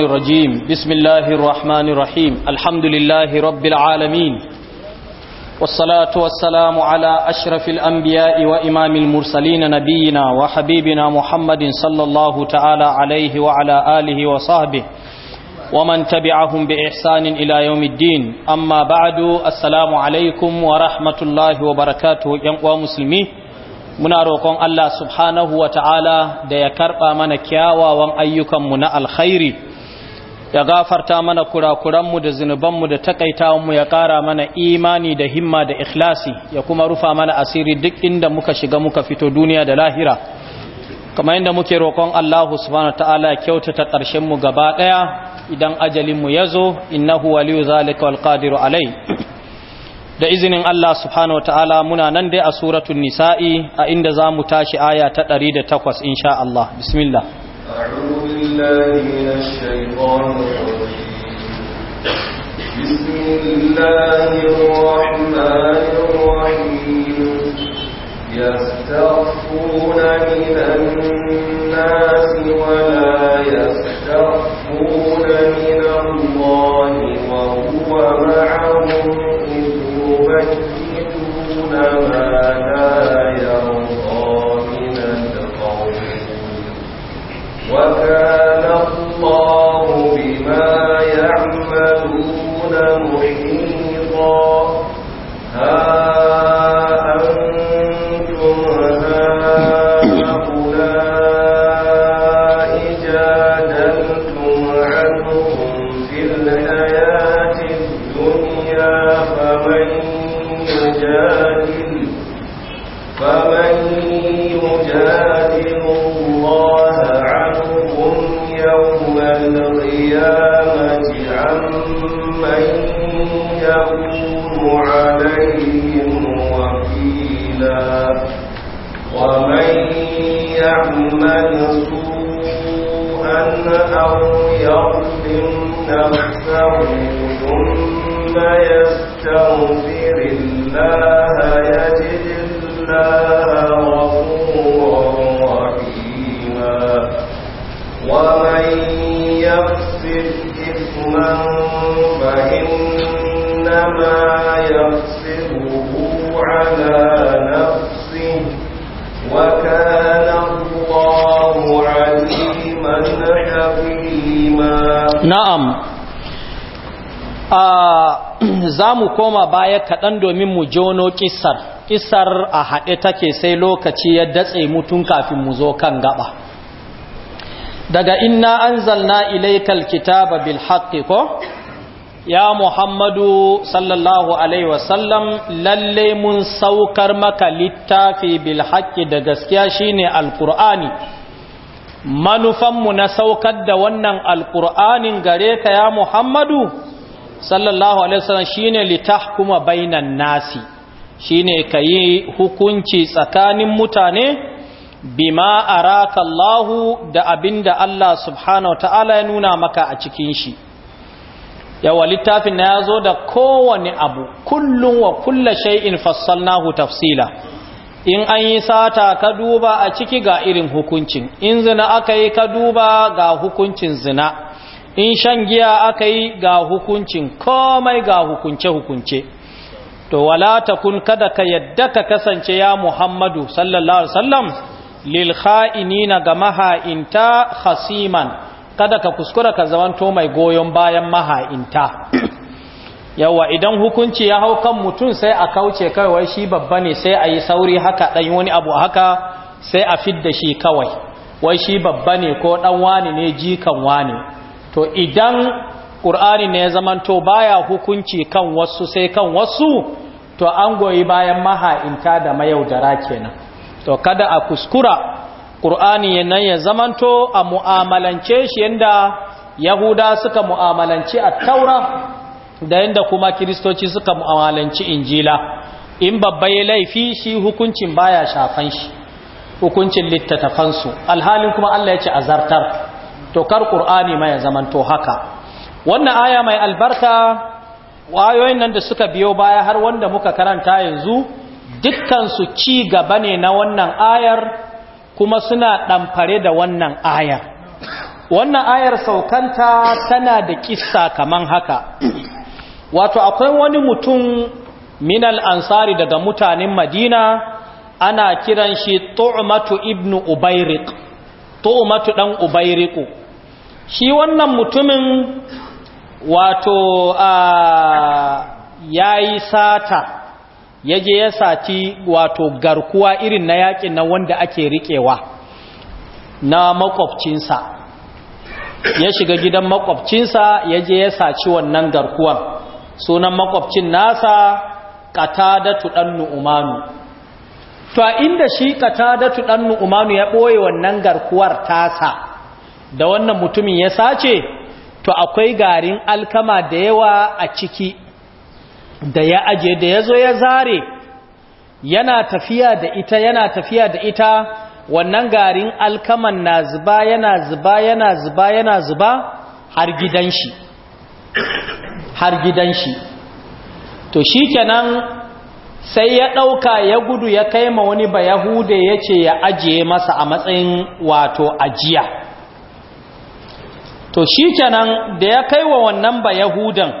الرجيم بسم الله الرحمن الرحيم الحمد لله رب العالمين والصلاة والسلام على أشرف الأنبياء وإمام المرسلين نبينا وحبيبنا محمد صلى الله تعالى عليه وعلى آله وصحبه ومن تبعهم بإحسان إلى يوم الدين أما بعد السلام عليكم ورحمة الله وبركاته ومسلمين muna roƙon Allah subhanahu wa ta'ala da ya karɓa mana kyawawan ayyukanmu na alkhairi ya gafarta mana kurakuranmu da zunubanmu da takaitawanmu ya ƙara mana imani da himma da ikhlasi ya kuma rufa mana asiri duk inda muka shiga muka fito duniya da lahira kamar inda muke roƙon Allah subhanahu ta'ala ya kyautata ƙarshen mu gaba ɗaya idan ajalin mu yazo innahu waliyu zalika wal qadiru alai da izinin Allah subhanahu ta'ala muna nan dai a suratul nisa'i a inda zamu tashi aya ta 108 insha Allah bismillah أعوذ بالله من الشيطان الرجيم بسم الله الرحمن الرحيم من الناس ولا من الله وهو معهم إذ ما لا يرون وكان baya kaɗan domin mu jono ƙisar ƙisar a haɗe take sai lokaci ya datse mutun kafin mu zo kan gaba daga inna anzalna ilaikal kitaba bil haqqi ko ya muhammadu sallallahu alaihi wasallam lalle mun saukar maka littafi bil da gaskiya shine manufan manufanmu na saukar da wannan alkur'anin gare ka ya muhammadu sallallahu alaihi wasallam shine litahkuma bainan nasi shine kayi hukunci tsakanin mutane bima araka Allahu da abinda Allah subhanahu ta'ala ya nuna maka a cikin shi yawa littafin na yazo da kowane abu kullun wa kullu shay'in fassalnahu tafsila in an yi sata ka duba a ciki ga irin hukuncin in zina aka yi ka duba ga hukuncin zina in shan giya aka yi ga hukuncin komai ga hukunce-hukunce to wala kun kada ka yadda ka kasance ya muhammadu sallallahu alaihi wasallam lil kha'inina ga maha'inta hasiman kada ka kuskura ka zamanto mai goyon bayan maha'inta yawa idan hukunci ya hau kan mutum sai a kauce kawai shi babba ne sai a yi sauri haka ɗan wani abu haka sai a fidda shi kawai wai shi babba ne ko ɗan wani ne jikan wani to idan ƙur'ani ne ya zamanto baya hukunci kan wasu sai kan wasu to an goyi bayan maha'inta da mayaudara kenan to kada a kuskura ƙur'ani nan ya zamanto a mu'amalance shi yadda yahuda suka mu'amalanci a taura da yadda kuma kiristoci suka mu'amalanci injila in babba ya laifi shi hukuncin baya shafan shi hukuncin littattafansu alhalin kuma allah ya ce azartar to kar qur'ani mai zaman zamanto haka wannan aya mai albarka wayoyin nan da suka biyo baya har wanda muka karanta yanzu dukkan su ci gaba ne na wannan ayar kuma suna ɗamfare da wannan ayar wannan ayar saukanta tana da kissa kaman haka wato akwai wani mutum minal ansari daga mutanen madina ana kiran shi tu'matu ibnu ubairik tu'matu dan ubairiku shi wannan mutumin wato ya yi sata ya je ya sati wato garkuwa irin na yakin na wanda ake riƙewa na makwabcinsa ya shiga gidan makwabcinsa ya je ya saci wannan garkuwan sunan makwabcin nasa da ɗan nu'umanu to a inda shi da ɗan nu'umanu ya ɓoye wannan garkuwar tasa da wannan mutumin ya sace to akwai garin alkama da yawa a ciki da ya aje da ya zo ya zare yana tafiya da ita yana tafiya da ita wannan garin alkaman na zuba yana zuba yana zuba yana zuba har gidan shi har gidan shi to shikenan sai ya ɗauka ya gudu ya kai ma wani bayahude ya ce ya ajiye masa a matsayin wato ajiya to shi kenan da ya kai wa wannan ba yahudan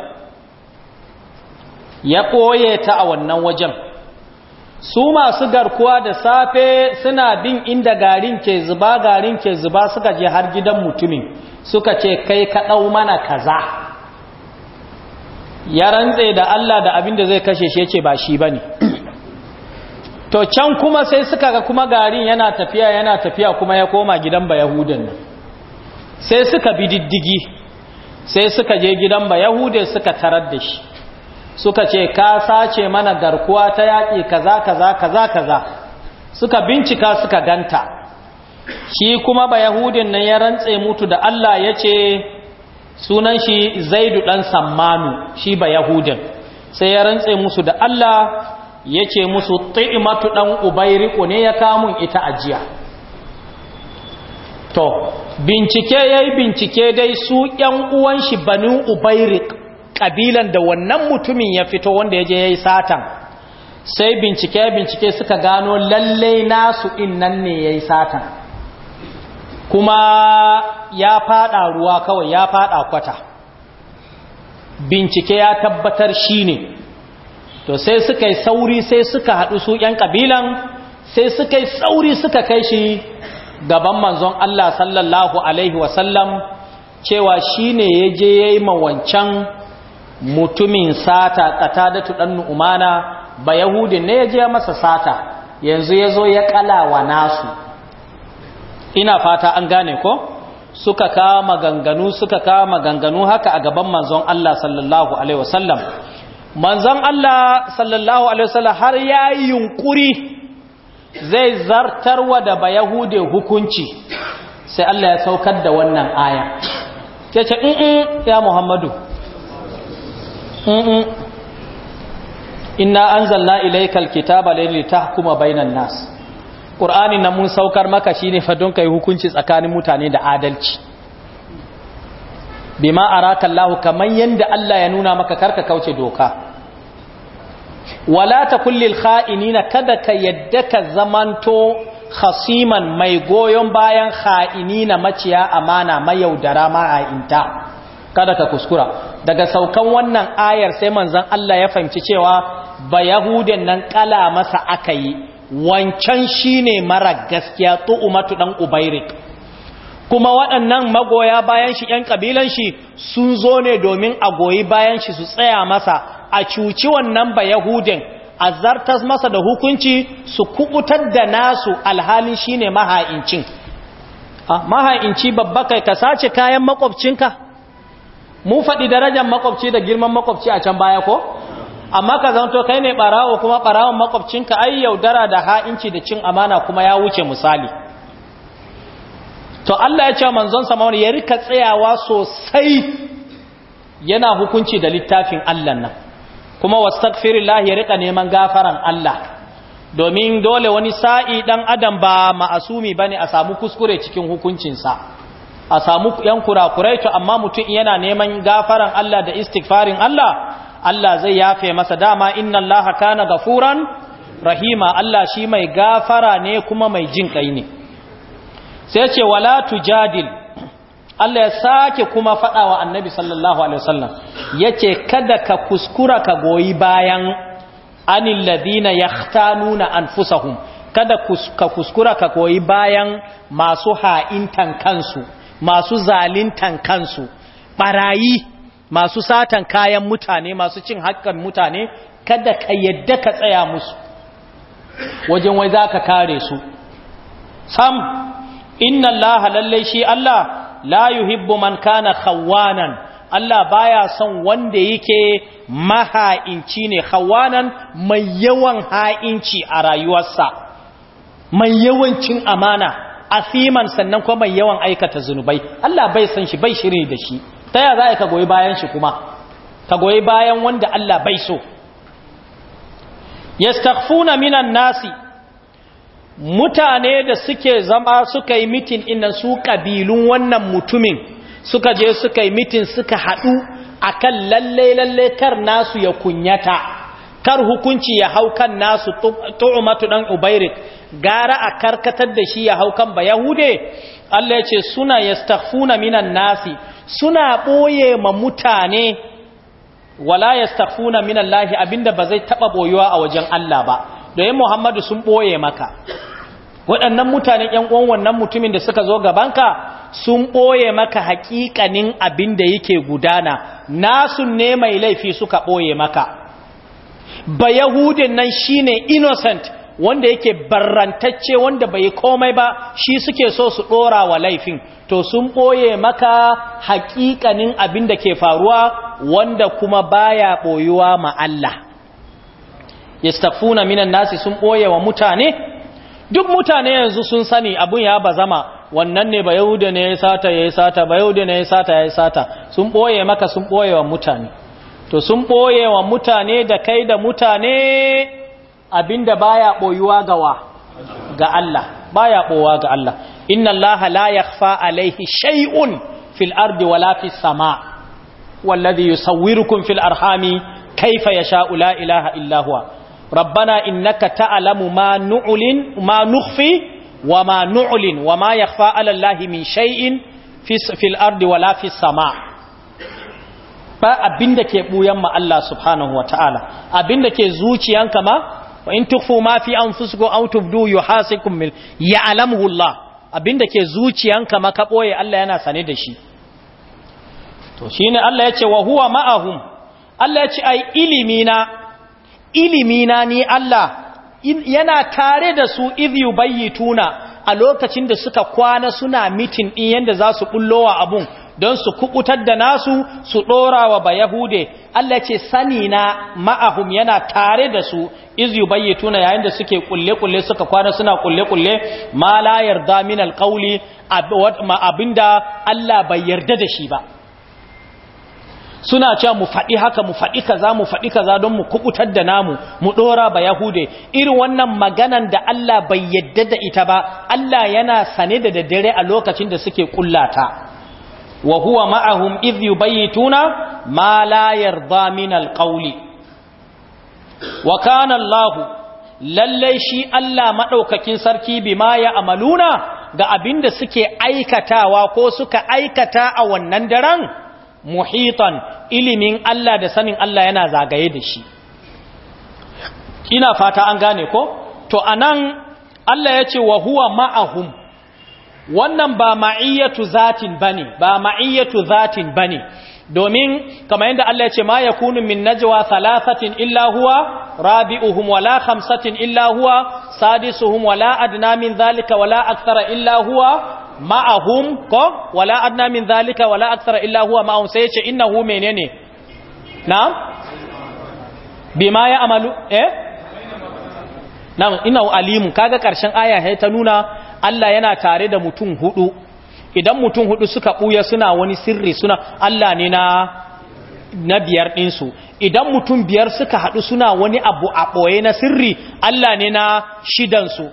ya ɓoye ta a wannan wajen su masu garkuwa da safe suna bin inda garin ke zuba garin ke zuba suka je har gidan mutumin suka ce kai ka ɗau mana kaza ya rantse da Allah da abin da zai kashe shi ce ba shi ba ne to can kuma sai suka ga kuma garin yana tafiya yana tafiya kuma ya koma gidan ba yahudan nan sai suka bi diddigi sai suka je gidan ba yahude suka tarar da shi suka ce ka sace mana garkuwa ta yaƙi kaza kaza kaza kaza suka bincika suka ganta shi kuma ba yahudin nan ya rantse mutu da Allah ya ce sunan shi zaidu ɗan sammanu shi ba yahudin sai ya rantse musu da Allah ya ce musu ta'imatu ɗan ubairiku ne ya kamun ita ajiya to bincike ya yi bincike dai su ‘yan uwan shi banin ubairik kabilan da wannan mutumin ya fito wanda ya je ya yi satan sai bincike bincike suka gano lalle nasu innan ne ya yi satan kuma ya fada ruwa kawai ya fada kwata bincike ya tabbatar shi ne to sai suka yi sauri sai suka haɗu su ‘yan kabilan, sai suka yi sauri suka kai shi gaban manzon Allah sallallahu alaihi wasallam cewa shine ya je ya yi wancan mutumin sata da dan nu'mana ba yahudi ne ya je masa sata yanzu ya zo ya kalawa nasu ina fata an gane ko suka kama ganganu suka kama ganganu haka a gaban manzon Allah sallallahu alaihi wasallam manzon Allah sallallahu alaihi wasallam har yayi yunkuri zai zartarwa da Bayahude hukunci sai Allah ya saukar da wannan aya ke ce in mm, mm, ya muhammadu in mm, inna anzalna ilaikal kitaba laili tahkuma bainan nas qur'ani nan mun saukar maka shine fa don yi hukunci tsakanin mutane da adalci bima araka Lahu, kamar yadda Allah ya nuna maka karka kauce doka wala ta kullil kha'inina kada ka yadda ka zamanto khasiman mai goyon bayan kha'inina maciya amana mayaudara ma'ainta kada ka kuskura daga saukan wannan ayar sai manzon Allah ya fahimci cewa ba yahudin nan kala masa aka yi wancan shine mara gaskiya tu'umatu dan ubairik kuma waɗannan magoya bayan shi ƴan kabilan shi sun zo ne domin a goyi bayan shi su tsaya masa a cuci wannan ba yahudin a zartas masa da hukunci su kubutar da nasu alhalin shine maha'incin maha'inci babba kai ka sace kayan makwabcinka mu faɗi darajar makwabci da girman makwabci a can baya ko amma ka zanto kai ne barawo kuma barawon makwabcinka ai yaudara da ha'inci da cin amana kuma ya wuce misali to Allah ya ce manzon samawar ya rika tsayawa sosai yana hukunci da littafin Allah nan kuma wastaghfirullah ya rika neman gafaran Allah domin dole wani sa'i dan adam ba ma'asumi bane a samu kuskure cikin hukuncinsa a samu yan kurakurai to amma mutum yana neman gafaran Allah da istighfarin Allah Allah zai yafe masa dama inna Allah kana gafuran rahima Allah shi mai gafara ne kuma mai jin kai ne sai ce wala tujadil Allah ya sake kuma faɗa wa annabi sallallahu alaihi wasallam yace kada ka kuskura ka goyi bayan anil ladina yahtanuna anfusahum kada ka kuskura ka goyi bayan masu ha'intan kansu masu zalintan kansu Ɓarayi masu satan kayan mutane masu cin hakan mutane kada ka yadda ka tsaya musu wajen wai za ka kare su sam inna laha lallai shi allah la yuhibbu man kana khawanan Allah baya son wanda yake maha'inci ne khawanan mai yawan ha'inci a rayuwarsa mai yawancin amana asiman sannan kuma mai yawan aikata zunubai Allah bai san shi bai shiri da shi ta ya za ka goyi bayan shi kuma ka goyi bayan wanda Allah bai so yastaghfuna minan nasi mutane da suke zama suka yi mitin ina su kabilun wannan mutumin suka je suka yi mitin suka haɗu kan lalle lalle kar nasu ya kunyata kar hukunci ya hau kan nasu tu'umatu ɗan ubairik gara a karkatar da shi ya hau kan ba yahude Allah ya ce suna stafuna minan nasi suna ɓoye ma mutane wala minan lahi, abinda ba zai taɓa ɓoyuwa a wajen Allah ba da yin muhammadu sun ɓoye maka waɗannan mutanen ƴan uwan wannan mutumin da suka zo gabanka sun ɓoye maka haƙiƙanin abin da yake gudana nasu ne mai laifi suka ɓoye maka ba yahudin nan shine innocent wanda yake barrantacce wanda bai komai ba shi suke so su dora wa laifin to sun ɓoye maka haƙiƙanin abin da ke faruwa wanda kuma baya ɓoyuwa ma Allah Yastafuna minan nasi sun ɓoye wa mutane duk mutane yanzu sun sani abun ya bazama wannan ne ba yahuda ne ya sata ya sata ba yahuda ne ya sata ya sata sun boye maka sun ɓoye wa mutane to sun ɓoye wa mutane da kai da mutane abinda baya boyuwa ga wa ga Allah baya bowa ga Allah inna Allah la yakhfa alaihi shay'un fil ardi wala fis sama wallazi yusawwirukum fil arhami kaifa yasha'u la ilaha illa huwa rabbana innaka ta'lamu ma nu'lin ma nukhfi wa ma nu'lin wa ma yakhfa 'ala allahi min shay'in fil ardi wala fi sama' ba abinda ke buyan ma Allah subhanahu wa ta'ala abinda ke zuciyanka ma wa in tukfu ma fi anfusikum aw tubdu yuhasikum bil ya'lamuhu Allah abinda ke zuciyanka ma ka boye Allah yana sane da shi to shine Allah yace wa huwa ma'ahum Allah yace ai ilimi na ilimi na ni Allah yana tare da su idhi tuna a lokacin da suka kwana suna mitin ɗin yanda za su bullowa abun don su kubutar da nasu su ɗorawa ba Yahude, Allah ce sani na ma'ahum yana tare da su izu bayi tuna yayin da suke kulle-kulle suka kwana suna kulle-kulle ma la yarda min alƙauli abinda Allah bai yarda da shi ba. suna cewa mu faɗi haka mu faɗi kaza mu faɗi kaza don mu kubutar da namu mu ɗora ba yahude irin wannan maganan da Allah bai yadda da ita ba Allah yana sane da daddare a lokacin da suke kullata wa huwa ma'ahum idh yubayituna ma la yarda min alqawli wa kana Allah lalle shi Allah madaukakin sarki bima ya amaluna ga abinda suke aikatawa ko suka aikata a wannan daren muhitan ilimin Allah da sanin Allah yana zagaye da shi ina fata an gane ko to anan Allah ya ce wa huwa ma'ahum wannan ba ma'iyatu zatin bane ba ma'iyatu zatin bane domin kamar yadda Allah ya ce ma yakunu min najwa thalathatin illa huwa rabi'uhum wala khamsatin illa huwa sadisuhum wala adna min dhalika wala akthara illa huwa ma'ahum ko wala adna min zalika wala aksara illa huwa ma'ahum sai yace innahu menene na'am bima ya amalu eh na'am innahu alim kaga karshen aya sai ta nuna Allah yana tare da mutum hudu idan mutum hudu suka buya suna wani sirri suna Allah ne na na biyar ɗinsu idan mutum biyar suka haɗu suna wani abu a boye na sirri Allah ne na shidansu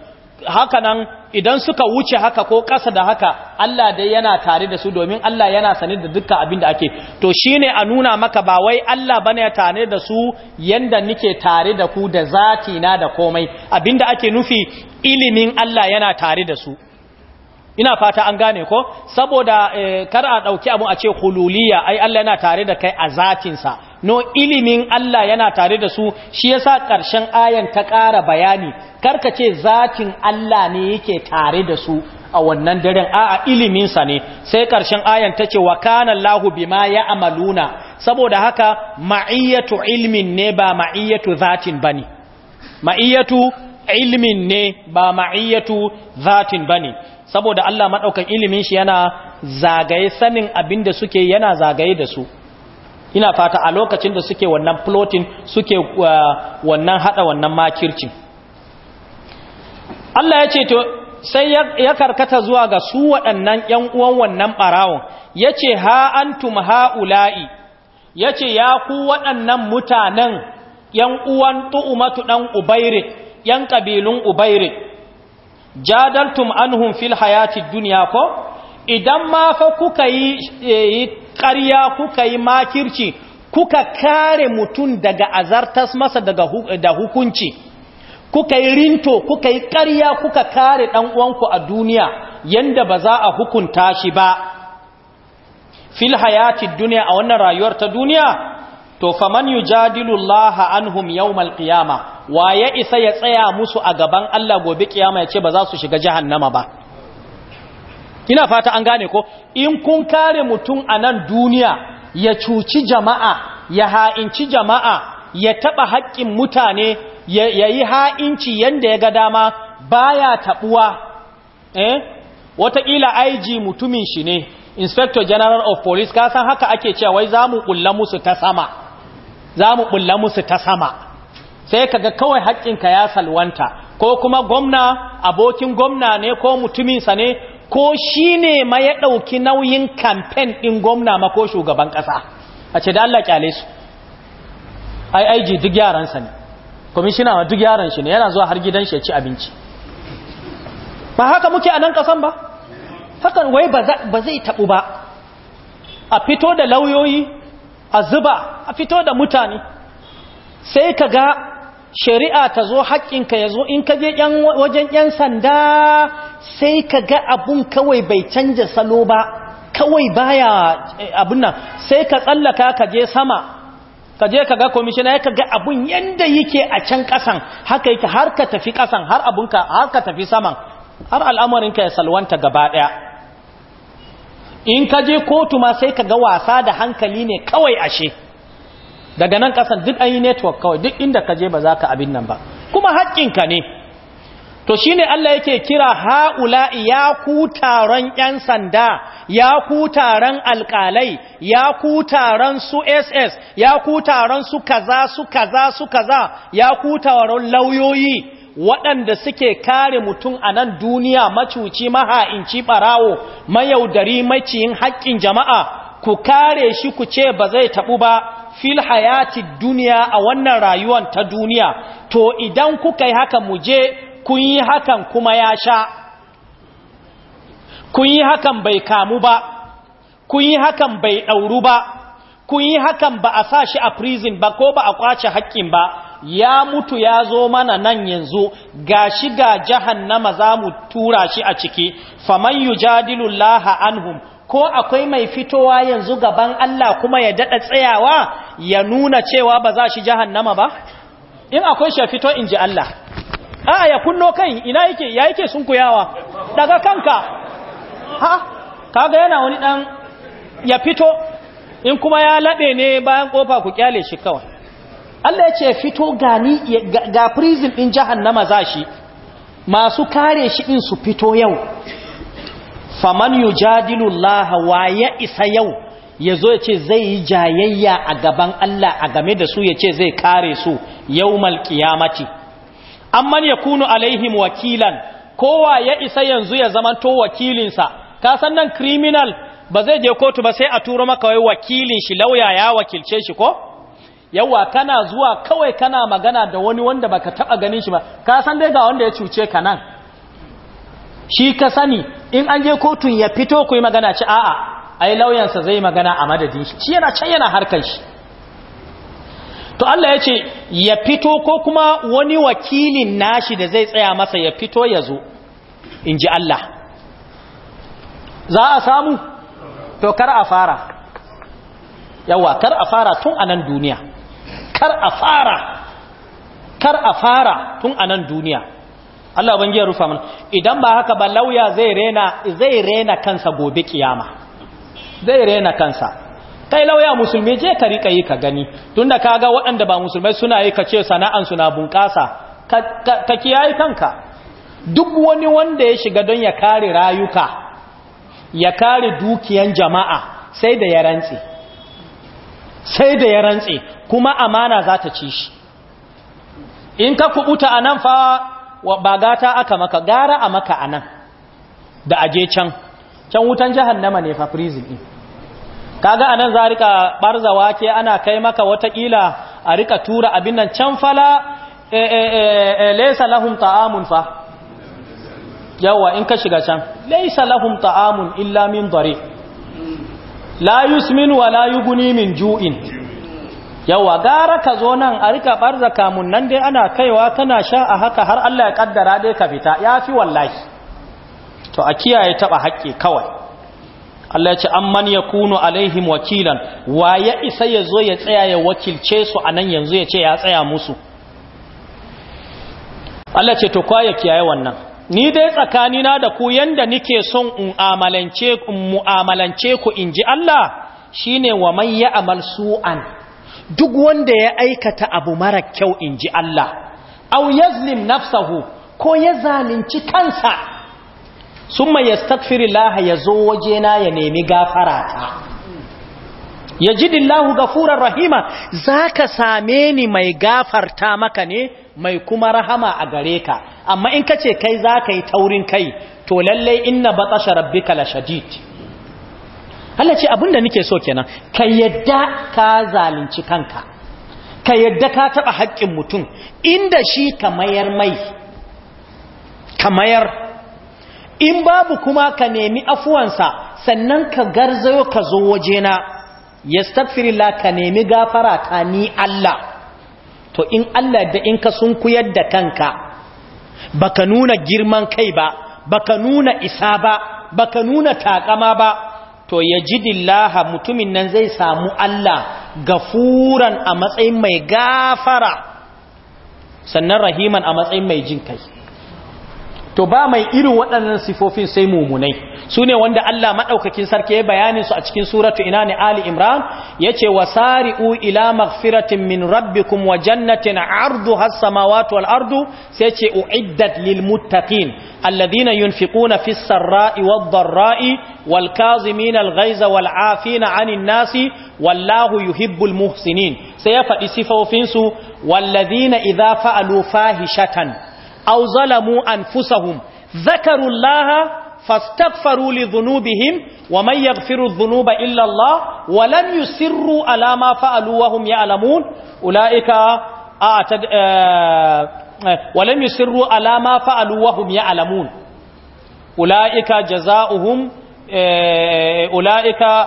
haka nan idan suka wuce haka ko ƙasa da haka Allah dai yana tare da su domin Allah yana sane da duka abin da ake to shine a nuna maka ba wai Allah bane ya tare da su yanda nike tare da ku da zati na da komai abin da ake nufi ilimin Allah yana tare da su ina fata an gane ko saboda eh, kar a ɗauki abun a ce hululiya ai Allah yana tare da kai a zatinsa no ilimin Allah yana tare da su shi yasa ƙarshen ayan ta ƙara bayani karka ce zatin Allah ne yake tare da su a wannan daren a'a iliminsa ne sai ƙarshen ayan ta ce wa kana Allahu bima ya'maluna saboda haka ma'iyatu ilmin ne ba ma'iyatu zatin bane ma'iyatu ilmin ne ba ma'iyatu zatin bane saboda Allah madaukan ilimin shi yana zagaye sanin abin da suke yana zagaye da su ina fata a lokacin da suke wannan plotin suke uh, wannan hada wannan makircin Allah ya ce to sai ya karkata zuwa ga su waɗannan ‘yan uwan wannan barawon, ya ce ha'antum ha'ula'i ya ce ya ku waɗannan mutanen ‘yan uwan tu'umatu ɗan ubairi ‘yan ƙabilun ubairi jadaltum anhum fil hayati dunya ko idan ma fa kuka e, yi ƙarya kuka yi makirci kuka kare mutum daga azartas masa daga da hukunci kuka yi rinto kuka yi ƙarya kuka kare ɗan uwanku a duniya yanda ba za a hukunta shi ba fil hayati duniya a wannan rayuwar ta duniya to man yujadilu Allah anhum yawmal qiyama wa ya isa ya tsaya musu a gaban Allah gobe kiyama yace ba za su shiga jahannama ba Ina fata an gane ko in kun kare mutum a nan duniya ya cuci jama'a ya ha'inci jama'a ya taba haƙƙin mutane ya yi ha'inci yanda ya ga dama baya tabuwa eh wataƙila IG mutumin shi ne inspector general of police ka san haka ake cewa wai za mu ƙulla musu ta sama za mu bulla musu ta sama sai kaga kawai haƙƙinka ya salwanta ko kuma gwamna abokin gwamna ne ko mutuminsa ne ko shi ne ma ya ɗauki nauyin kamfen ɗin gwamna ma ko shugaban ƙasa a ce da Allah ƙyale su aig duk yaransa ne kwamishina ma duk yaran shi ne yana zuwa har gidan shi ya ci abinci ba haka muke a nan ƙasan ba hakan wai ba zai taɓu ba a fito da lauyoyi a zuba a fito da mutane sai ka ga shari'a ta zo haƙƙinka ya zo in ka je wajen 'yan sanda sai ka ga abun kawai bai canja salo ba kawai baya abun nan sai ka tsallaka ka je sama ka je ka ga komishina ya ka ga abun yanda yake a can ƙasan haka yake har ka tafi ƙasan har abunka har ka tafi saman har al'amarinka ya salwanta gaba ɗaya in ka je kotu ma sai ka ga wasa da hankali ne kawai ashe daga nan kasan duk an yi network kawai duk inda ka je ba za ka abin nan ba kuma ka ne to shi ne Allah yake kira ha'ula ya ku taron ‘yan sanda ya ku taron alƙalai ya ku taron su ss ya ku taron su kaza su kaza su kaza ya ku taron lauyoyi waɗanda suke kare mutum a nan duniya macuci maha'inci ɓarawo mayaudari maciyin haƙƙin jama'a ku kare shi ku ce ba zai taɓu ba fil hayati duniya a wannan rayuwan ta duniya to idan kuka yi haka mu je kun yi hakan kuma ya sha kun yi hakan bai kamu ba kun yi hakan bai ɗauru ba kun yi hakan ba a sa shi a prison ba ko ba a kwace haƙƙin ba ya mutu ya zo mana nan yanzu ga shi ga jahannama za mu tura shi a ciki faman yujadilu laha anhum ko akwai mai fitowa yanzu gaban Allah kuma ya dada tsayawa ya nuna cewa ba za shi jahannama ba in akwai shi fito in ji Allah a ya kunno kai ina yake ya yake sunkuyawa daga kanka ha kaga yana wani dan ya fito in kuma ya labe ne bayan kofa ku kyale shi kawai Allah ya ce fito gani ga prison din jahannama za shi masu kare shi in su fito yau faman yujadilu Allah wa ya isa yau yazo ya ce zai yi jayayya a gaban Allah a game da su ya ce zai kare su yawmal qiyamati amman kunu alaihim wakilan kowa ya isa yanzu ya zamanto wakilinsa ka san nan criminal ba zai je kotu ba sai a turo maka wai wakilin shi lauya ya wakilce shi ko yawa kana zuwa kawai kana magana da wani wanda baka taba ganin shi ba ka san dai ga wanda ya cuce ka nan shi ka sani in an je kotun ya fito ku yi magana ci a'a ai lauyansa zai magana a madadin shi shi yana can yana harkar shi to Allah ya ce ya fito ko kuma wani wakilin nashi da zai tsaya masa ya fito ya zo in ji Allah za a samu to kar a fara yawa kar a fara tun a nan duniya kar a fara kar a fara tun a nan duniya Allah bangiya rufa mana idan ba haka ba lauya zai rena zai rena kansa gobe kiyama zai rena kansa kai lauya musulmi je ka rika yi ka gani tunda kaga waɗanda ba musulmai suna yi ka ce sana'an suna bunƙasa ka, ka, kanka duk wani wanda ya shiga don ya kare rayuka ya kare dukiyan jama'a sai da ya rantsi sai da ya rantse kuma amana za ta ci shi in ka kubuta a nan fa ba gata aka maka gara a maka a nan da aje can can wutan jahannama ne fa prison din kaga nan za rika barza wake ana kai maka watakila a rika tura abin nan can fala e, e, laysa lahum ta'amun fa yawa in ka shiga can laysa lahum ta'amun illa min dare la yusmin wa la yuguni min ju'in yawa gara ka zo nan a rika barza kamun nan dai ana kaiwa kana sha a haka har Allah ya kaddara dai ka fita yafi wallahi to a kiyaye taba haƙƙi kawai Allah ya ce amman yakunu alaihim wakilan wa ya isa ya zo ya tsaya ya wakilce su anan yanzu ya ce ya tsaya musu Allah ce to kwa ya kiyaye wannan ni dai tsakanina da ku yanda nike son in mu'amalance ku in ji Allah shine wa man ya amal su'an duk wanda ya aikata abu mara kyau in ji Allah au yazlim nafsahu ko ya zalunci kansa summa yastaghfirullah yazo wajena ya nemi gafarata ya ji dillahu gafurar rahima za ka same ni mai gafarta maka ne mai kuma rahama a gare ka amma in ka ce kai za ka yi taurin kai to lallai inna batsasha rabbi la shadid Hala ce abinda nake so kenan ka yadda ka zalunci kanka ka yadda ka taba haƙƙin mutum inda shi ka mayar mai ka mayar in babu kuma ka nemi afuwansa sannan ka garzayo ka zo wajena yastaghfirullah ka nemi gafara ta ni Allah to in Allah da in ka sunkuyar da kanka baka nuna girman kai ba baka nuna isa ba baka nuna takama ba to yajidillaha mutumin nan zai samu Allah gafuran a matsayin mai gafara sannan rahiman a matsayin mai jin kai to ba mai irin waɗannan sifofin sai mumunai su ne wanda Allah maɗaukakin sarki ya bayanin su a cikin suratu ina ne Ali Imran ya ce wa sari'u ila magfiratin min rabbikum wa jannatin ardu has samawati wal ardu sai ce uiddat lil muttaqin alladhina yunfiquna fis ra'i wad dharra'i wal kazimin al ghaiza wal afina 'anil nasi wallahu yuhibbul muhsinin sai ya faɗi sifofin su walladhina idza fa'alu fahishatan aw zalamu anfusahum zakarullaha fastaghfaru li dhunubihim wa man yaghfiru dhunuba illa Allah wa lam yusirru ala ma fa'alu ulaika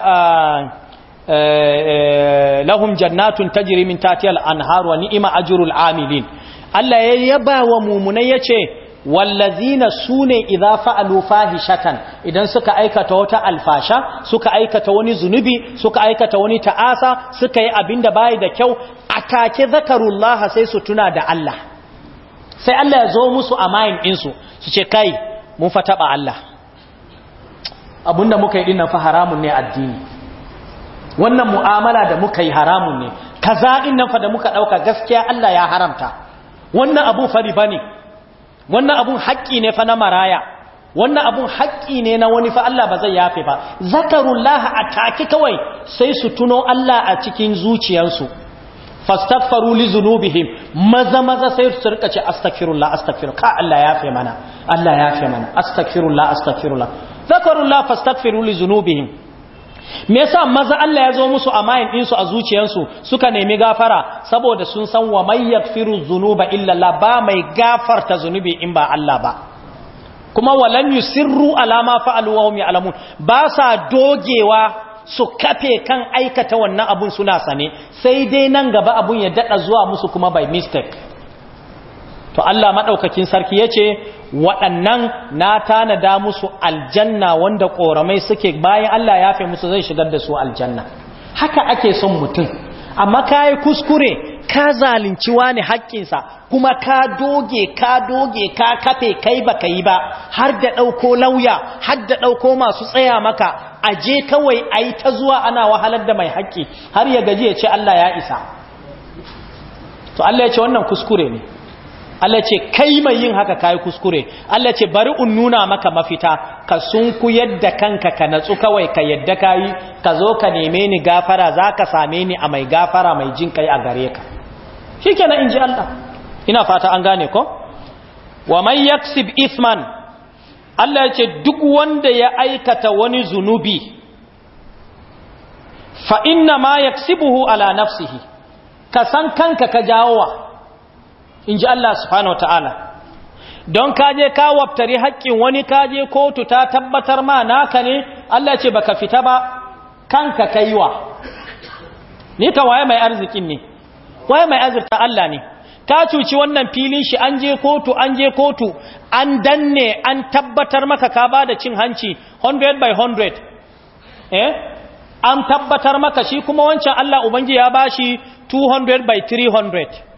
lahum jannatun tajri min al-anhar wa ajrul amilin Allah ya yaba wa mumunai yace wallazina sune idza fa'alu fahishatan idan suka aikata wata alfasha suka aikata wani zunubi suka aikata wani ta'asa suka yi abinda bayi da kyau atake zakarullaha sai su tuna da Allah sai Allah ya zo musu a mayin din su ce kai mun fa taba Allah abinda muka yi dinnan fa haramun ne addini wannan mu'amala da muka yi haramun ne kaza na fa da muka ɗauka gaskiya Allah ya haramta wannan abun fari ba ne wannan abun haƙƙi ne fa na maraya wannan abun haƙƙi ne na wani fa Allah ba zai yafe ba zakarullah a take kawai sai su tuno Allah a cikin zuciyarsu fastaghfaru li zunubihim maza maza sai su rika ce astaghfirullah astaghfirullah ka Allah yafe mana Allah yafe mana astaghfirullah astaghfirullah zakarullah fastaghfiru li zunubihim me yasa maza Allah ya zo musu a mayin ɗinsu a zuciyarsu suka nemi gafara saboda sun san wa may yakfiru dhunuba illa ba mai gafarta zunubi in ba Allah ba kuma walan yusirru alama ma fa'alu wa hum ya'lamun ba sa dogewa su kafe kan aikata wannan abun suna sane sai dai nan gaba abun ya dada zuwa musu kuma by mistake to Allah maɗaukakin sarki ya ce waɗannan na tanada musu aljanna wanda ƙoramai suke bayan Allah ya fi musu zai shigar da su aljanna haka ake son mutum amma ka yi kuskure ka zalunci wani haƙƙinsa kuma ka doge ka doge ka kafe kai ba ka yi ba har da ɗauko lauya har da ɗauko masu tsaya maka a je kawai a yi ta zuwa ana wahalar da mai haƙƙi har ya gaji ya ce Allah ya isa to Allah ya ce wannan kuskure ne Allah ce kai mai yin haka kayi kuskure Allah ce bari in nuna maka mafita ka sunku yadda kanka ka natsu kawai ka yadda kayi ka zo ka neme ni gafara za ka same ni a mai gafara mai jin kai a gare ka shikenan inji Allah ina fata an gane ko wa man yaksib isman Allah ce duk wanda ya aikata wani zunubi fa inna ma yaksibuhu ala nafsihi ka san kanka ka jawowa in ji Allah subhanahu ta'ala don kaje ka waftari haƙƙin wani kaje kotu ta tabbatar ma naka ne Allah ce baka fita ba kanka kaiwa ni ka waye mai arzikin ne waye mai azurta Allah ne ta cuci wannan filin shi an je kotu an je kotu an danne an tabbatar maka ka bada cin hanci 100 by 100 eh an tabbatar maka shi kuma wancan Allah ubangi ya bashi 200 by 300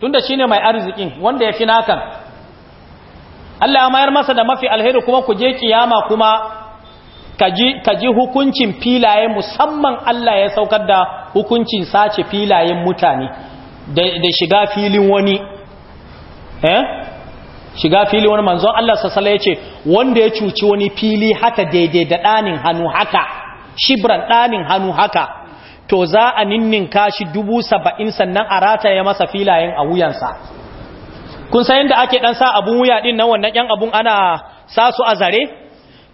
tunda shine mai arzikin wanda ya fi nakan Allah ya mayar masa da mafi alheri kuma ku je kiyama kuma kaji kaji hukuncin filaye musamman Allah ya saukar da hukuncin sace filayen mutane da shiga filin wani eh shiga fili wani manzon Allah sassala ya ce wanda ya cuci wani fili haka daidai da ɗanin hannu haka shibran ɗanin hannu haka to za a ninnin kashi dubu saba'in sannan a rataye masa filayen a wuyansa kun san yadda ake ɗan sa abun wuya ɗin nan wannan ‘yan abun ana sa su a zare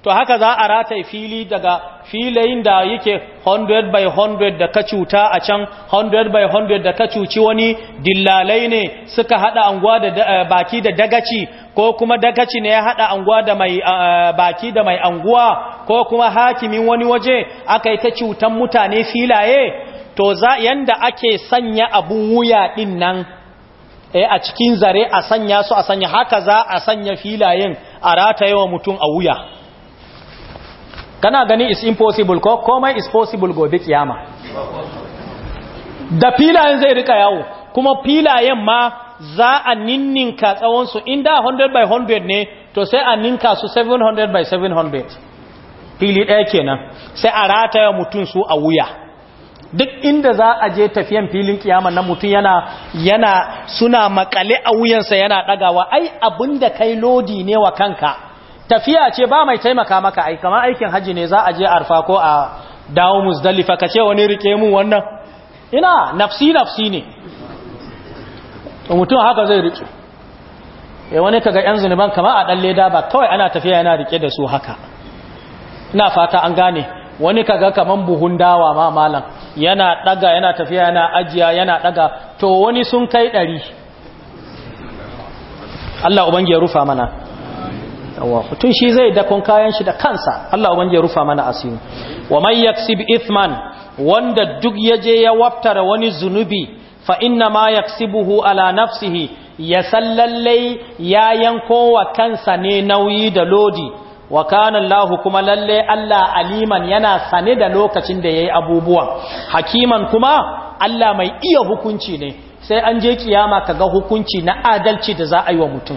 to haka za a rataye fili daga filayin da yake 100 by 100 da ka cuta a can 100 by 100 da ka cuci wani dillalai ne suka hada anguwa da eh, baki da dagaci ko kuma dagaci ne ya hada anguwa da mai eh, eh, baki da mai anguwa ko kuma hakimin wani waje aka yi ta cutan mutane filaye to za yanda ake sanya abun wuya din nan eh a cikin zare a sanya su a sanya haka za a sanya filayen a rataye wa mutum a wuya kana gani is impossible ko komai is possible gobe kiyama da filayen zai rika yawo kuma filayen ma za a ninninka tsawonsu inda 100 by 100 ne to sai a ninka su 700 by 700 fili ɗaya kenan sai a rata rataya mutum su a wuya duk inda za a je tafiyan filin kiyama na mutum yana yana suna makale a wuyansa yana ɗagawa ai abinda kai lodi ne wa kanka tafiya ce ba mai taimaka maka ai kamar aikin haji ne za a je arfa ko a dawo muzdalifa ka ce wani rike mu wannan ina nafsi nafsi ne mutum haka zai rike eh wani kaga yan zunuban kamar a dan leda ba kawai ana tafiya yana rike da su haka ina fata an gane wani kaga kaman buhun dawa ma malam yana daga yana tafiya yana ajiya yana daga to wani sun kai ɗari Allah ubangi ya rufa mana tun shi zai dakon kayan shi da kansa Allah ubangi ya rufa mana asiri wa may yaksib ithman wanda duk yaje ya waftara wani zunubi fa inna ma yaksibuhu ala nafsihi ya sallallai ya yanko wa kansa ne nauyi da lodi wa kana Allah kuma lalle Allah aliman yana sane da lokacin da yayi abubuwa hakiman kuma Allah mai iya hukunci ne sai an je kiyama kaga hukunci na adalci da za a yi wa mutum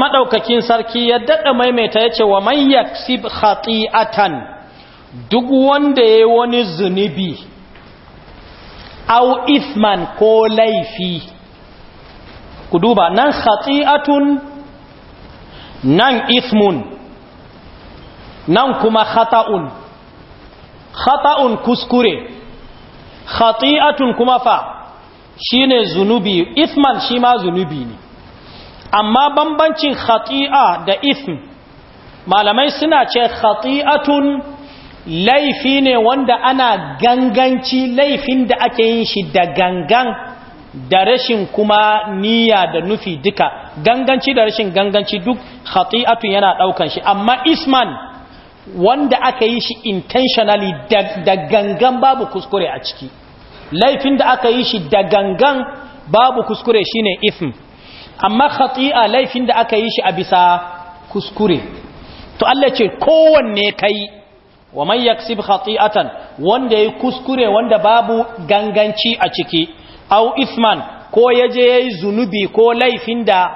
maɗaukakin sarki ya daɗa maimaita ya ce wa man yaksib khati'atan duk wanda ya wani zunubi au isman ko laifi ku duba nan khati'atun nan ismun nan kuma khata'un khata'un kuskure khati'atun kuma fa shine zunubi isman shi ma zunubi ne amma bambancin khati'a da ism malamai suna ce khati'atun laifi ne wanda ana ganganci laifin da ake yin shi da gangan da rashin kuma niyya da nufi duka ganganci da rashin ganganci duk khati'atun yana daukan shi amma isman wanda aka yi shi intentionally da, da gangan babu kuskure a ciki laifin da aka yi shi da gangan babu kuskure shine ism amma khati'a laifin da aka yi shi a bisa kuskure to Allah ce kowanne kai wa man yaksib khati'atan wanda yayi kuskure wanda babu ganganci a ciki au isman ko yaje yayi zunubi ko laifin da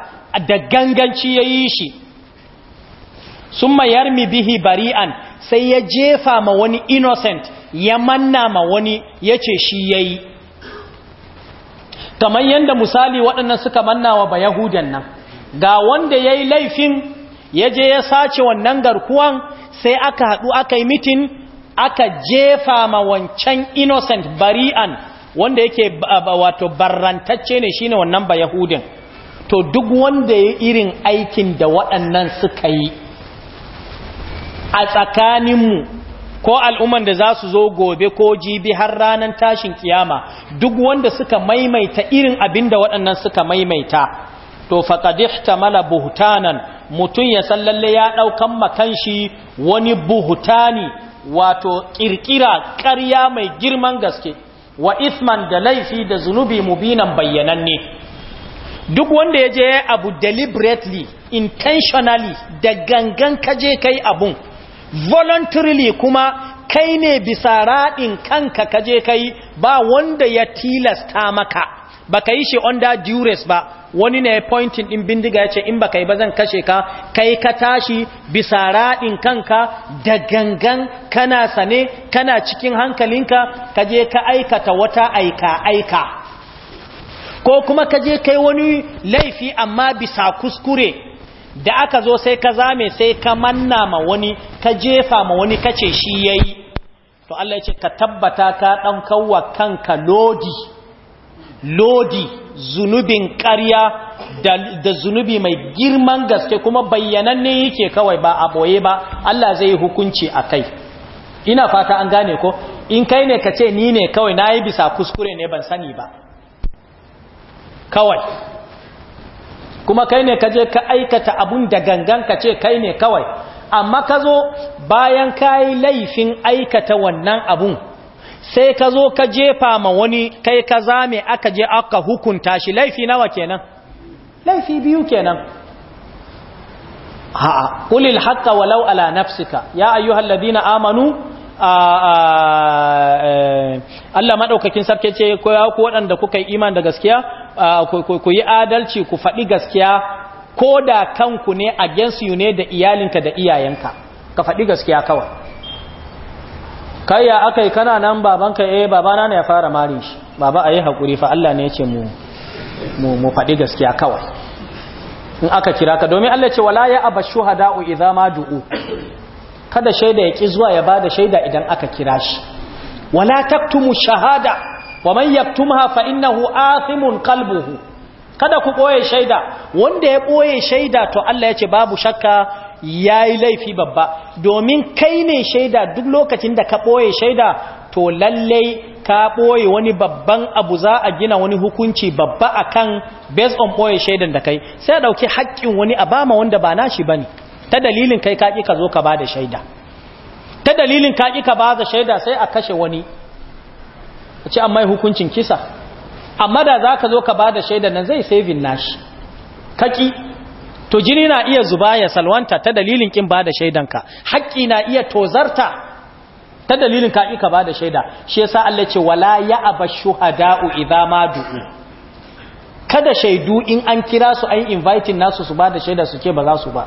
da ganganci yayi shi summa yarmi bihi bari'an sai ya jefa ma wani innocent ya manna ma wani yace shi yayi kamar yadda misali waɗannan suka manna wa ba yahudan nan ga wanda ya yi laifin ya je ya sace wannan garkuwan sai aka haɗu aka yi mitin aka jefa ma wancan innocent bari'an wanda yake wato barrantacce ne shine wannan ba yahudin to duk wanda ya irin aikin da waɗannan suka yi a tsakaninmu ko al'umman da za su zo gobe ko jibi har ranar tashin kiyama duk wanda suka maimaita irin abin da waɗannan suka maimaita to faƙadihta mala buhutanan mutum ya sallalle ya ɗaukan shi wani buhutani wato ƙirƙira ƙarya mai girman gaske wa isman da laifi da zunubi mubinan bayyananne duk wanda ya je abu deliberately intentionally da gangan kaje kai abun voluntarily kuma kai ne bisa raɗin kanka kaje kai ba wanda ya tilasta maka ba ka yi shi under duress ba wani ne pointing din bindiga ya ce in ba kai ba zan kashe ka kai ka tashi bisa raɗin kanka da gangan kana sane kana cikin hankalinka kaje ka aikata wata aika-aika ko kuma kaje kai wani laifi amma bisa kuskure da aka zo sai ka zame sai ka manna ma wani ka jefa ma wani kace shi yayi to Allah ya ce ka tabbata ka dan kawwa kanka lodi lodi zunubin ƙarya da, zunubi mai girman gaske kuma bayyananne yake kawai ba a boye ba Allah zai yi hukunci a kai ina fata an gane ko in kai ne ka ce ni ne kawai na yi bisa kuskure ne ban sani ba kawai kuma kai ne ka je ka aikata abun da gangan ka ce kai ne kawai amma ka zo bayan ka yi laifin aikata wannan abun sai ka zo ka jefa ma wani kai ka zame aka je aka hukunta shi laifi nawa kenan laifi biyu kenan ha'a qulil haqqa walau ala nafsika ya na amanu E, Allah maɗaukakin sarki ce ko ku waɗanda kuka yi iman da gaskiya ku yi adalci ku faɗi gaskiya ko da kanku ne against you ne da iyalinka da iyayenka ka faɗi gaskiya kawai kayya aka yi kana nan babanka eh babana ne ya fara marin shi baba a yi haƙuri fa Allah ne ya ce mu faɗi gaskiya kawai in aka kira ka domin Allah ce wala ya abashu hada'u idza ma du'u kada shaida ya ki zuwa ya da shaida idan aka kira shi wala taktumu shahada wa man yaktumha fa innahu athimun qalbuhu kada ku boye shaida wanda ya boye shaida to Allah ya ce babu shakka yayi laifi babba domin kai ne shaida duk lokacin da ka boye shaida to lallai ka ɓoye wani babban abu za a gina wani hukunci babba akan based on boye shaidan da kai sai a ɗauki haƙƙin wani a bama wanda ba nashi ba ta dalilin kai kaki ka zo ka ba da shaida ta dalilin kaki ka ba da shaida sai a kashe wani a ce amma hukuncin kisa amma da za ka zo ka ba da shaida nan zai saving nashi kaki to jini na iya zuba ya salwanta ta dalilin kin ba da shaidanka haƙƙi na iya tozarta ta dalilin kaki ka ba da shaida shi yasa Allah ce wala ya abashu hada'u idza ma du'u kada shaidu in an kira su an inviting nasu su ba da shaida su ce ba za su ba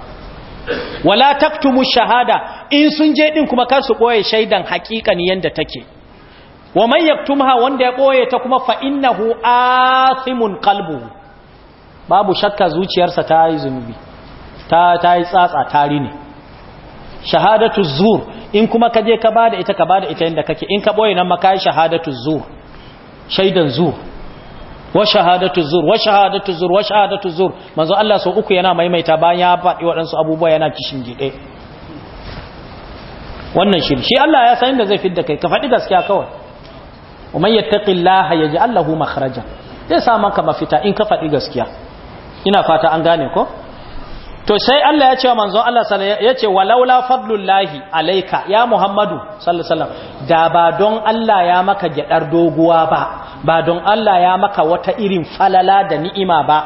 wala taktumu shahada in sun je din kuma kar su boye shaidan haƙiƙan yanda take wa man yaktumha wanda ya boye ta kuma fa innahu athimun qalbu babu shakka zuciyarsa ta yi zunubi ta ta yi tsatsa tari ne shahadatu zur in kuma ka je ka bada ita ka bada ita yanda kake in ka boye nan ma kai shahadatu zur shaidan zur wa shahadatu zur wa shahadatu zur wa zur manzo Allah sau uku yana maimaita bayan ya faɗi waɗansu abubuwa yana kishin gide wannan shi shi Allah ya san inda zai fidda kai ka faɗi gaskiya kawai wa ya yattaqillaha yaj'al lahu makhraja zai sa maka mafita in ka faɗi gaskiya ina fata an gane ko to sai Allah ya ce manzon Allah ya ce walaula fadlullahi alaika ya Muhammadu sallallahu alaihi wasallam da ba don Allah ya maka gyadar doguwa ba ba don Allah ya maka wata irin falala da ni'ima ba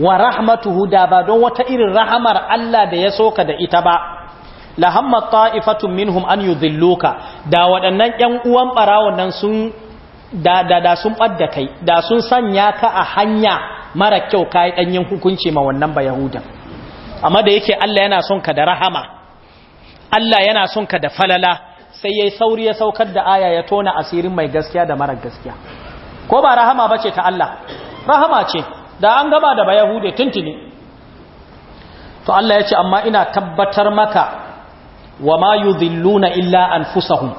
wa rahmatuhu da ba don wata irin rahamar Allah da ya soka da ita ba la hamma ta'ifatu minhum an yudhilluka da waɗannan ƴan uwan barawon nan sun da da da sun ɓadda kai da sun sanya ka a hanya mara kyau kai ɗanyen hukunci ma wannan ba yahudan amma da yake Allah yana son ka da rahama Allah yana son ka da falala sai yayi sauri ya saukar da aya ya tona asirin mai gaskiya da marar gaskiya ko ba rahama bace ta Allah rahama ce da an gaba da bayahude tuntuni to Allah ya ce amma ina tabbatar maka wa ma yudhilluna illa anfusahum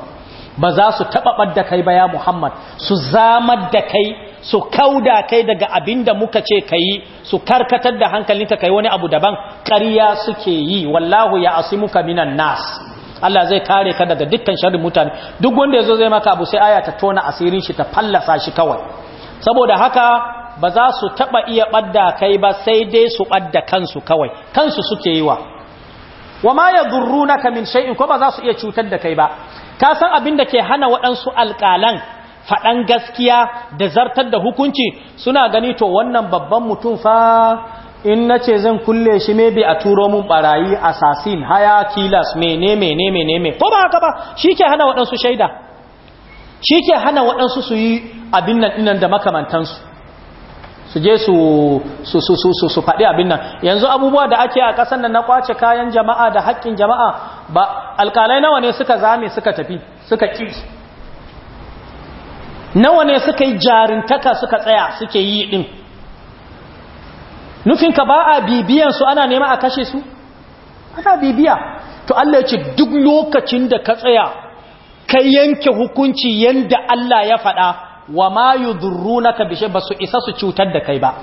ba za su taba da kai ba ya Muhammad su zamar da kai su kauda kai daga abin da muka ce ka yi su karkatar da hankalinka ka yi wani abu daban ƙarya suke yi wallahu ya muka minan nas Allah zai kare ka daga dukkan sharrin mutane duk wanda ya zo zai maka abu sai aya ta tona asirin shi ta fallasa shi kawai saboda haka ba za su taba iya badda kai ba sai dai su badda kansu kawai kansu suke yi wa Wa ma ya na ka min shay'in ko ba za su iya cutar da kai ba ka san abin da ke hana waɗansu alƙalan faɗan gaskiya da zartar da hukunci suna gani to wannan babban mutum fa in na ce zan kulle shi maybe a turo mun barayi assassin haya killers mene mene mene ko ba haka ba shi ke hana waɗansu shaida shi ke hana waɗansu su yi abin nan ɗinan da makamantansu su je su su su su su faɗi abin nan yanzu abubuwa da ake a ƙasar nan na kwace kayan jama'a da haƙƙin jama'a ba alƙalai nawa ne suka zame suka tafi suka ƙi nawa ne suka yi jarintaka suka tsaya suke yi ɗin ka ba a bibiyan su ana nema a kashe su ana bibiya to Allah ya ce duk lokacin da ka tsaya ka yanke hukunci yanda Allah ya faɗa wa ma ka bishe ba su isa su cutar da kai ba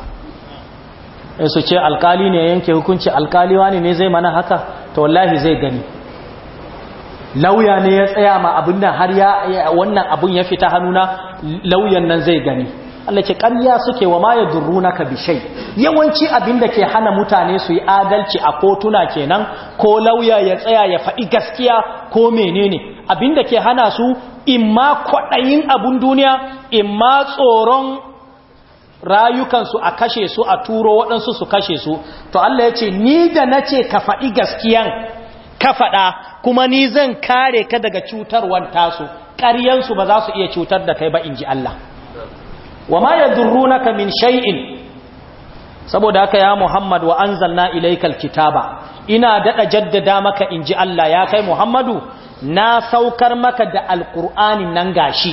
eh, su ce alkali ne yanke hukunci alkali wani ne zai mana haka to wallahi zai gani lauya ne ya tsaya ma abin nan har ya wannan abin ya fita hannuna lauyan nan zai gani Allah ce ƙarya suke wa ma ya durruna ka bishai yawanci abin da ke hana mutane su yi adalci a kotuna kenan ko lauya ya tsaya ya faɗi gaskiya ko menene abin da ke hana su imma kwaɗayin abun duniya imma tsoron rayukansu a kashe su a turo waɗansu su kashe su to Allah ya ce ni da na ce ka faɗi gaskiyan ka faɗa kuma ni zan kare ka daga cutarwan tasu ƙaryansu ba za su iya cutar da kai ba in ji Allah wa ma ka min shay'in saboda haka ya Muhammad wa anzalna ilaikal kitaba ina daɗa jaddada maka in ji Allah ya kai Muhammadu na saukar maka da alqur'anin nan gashi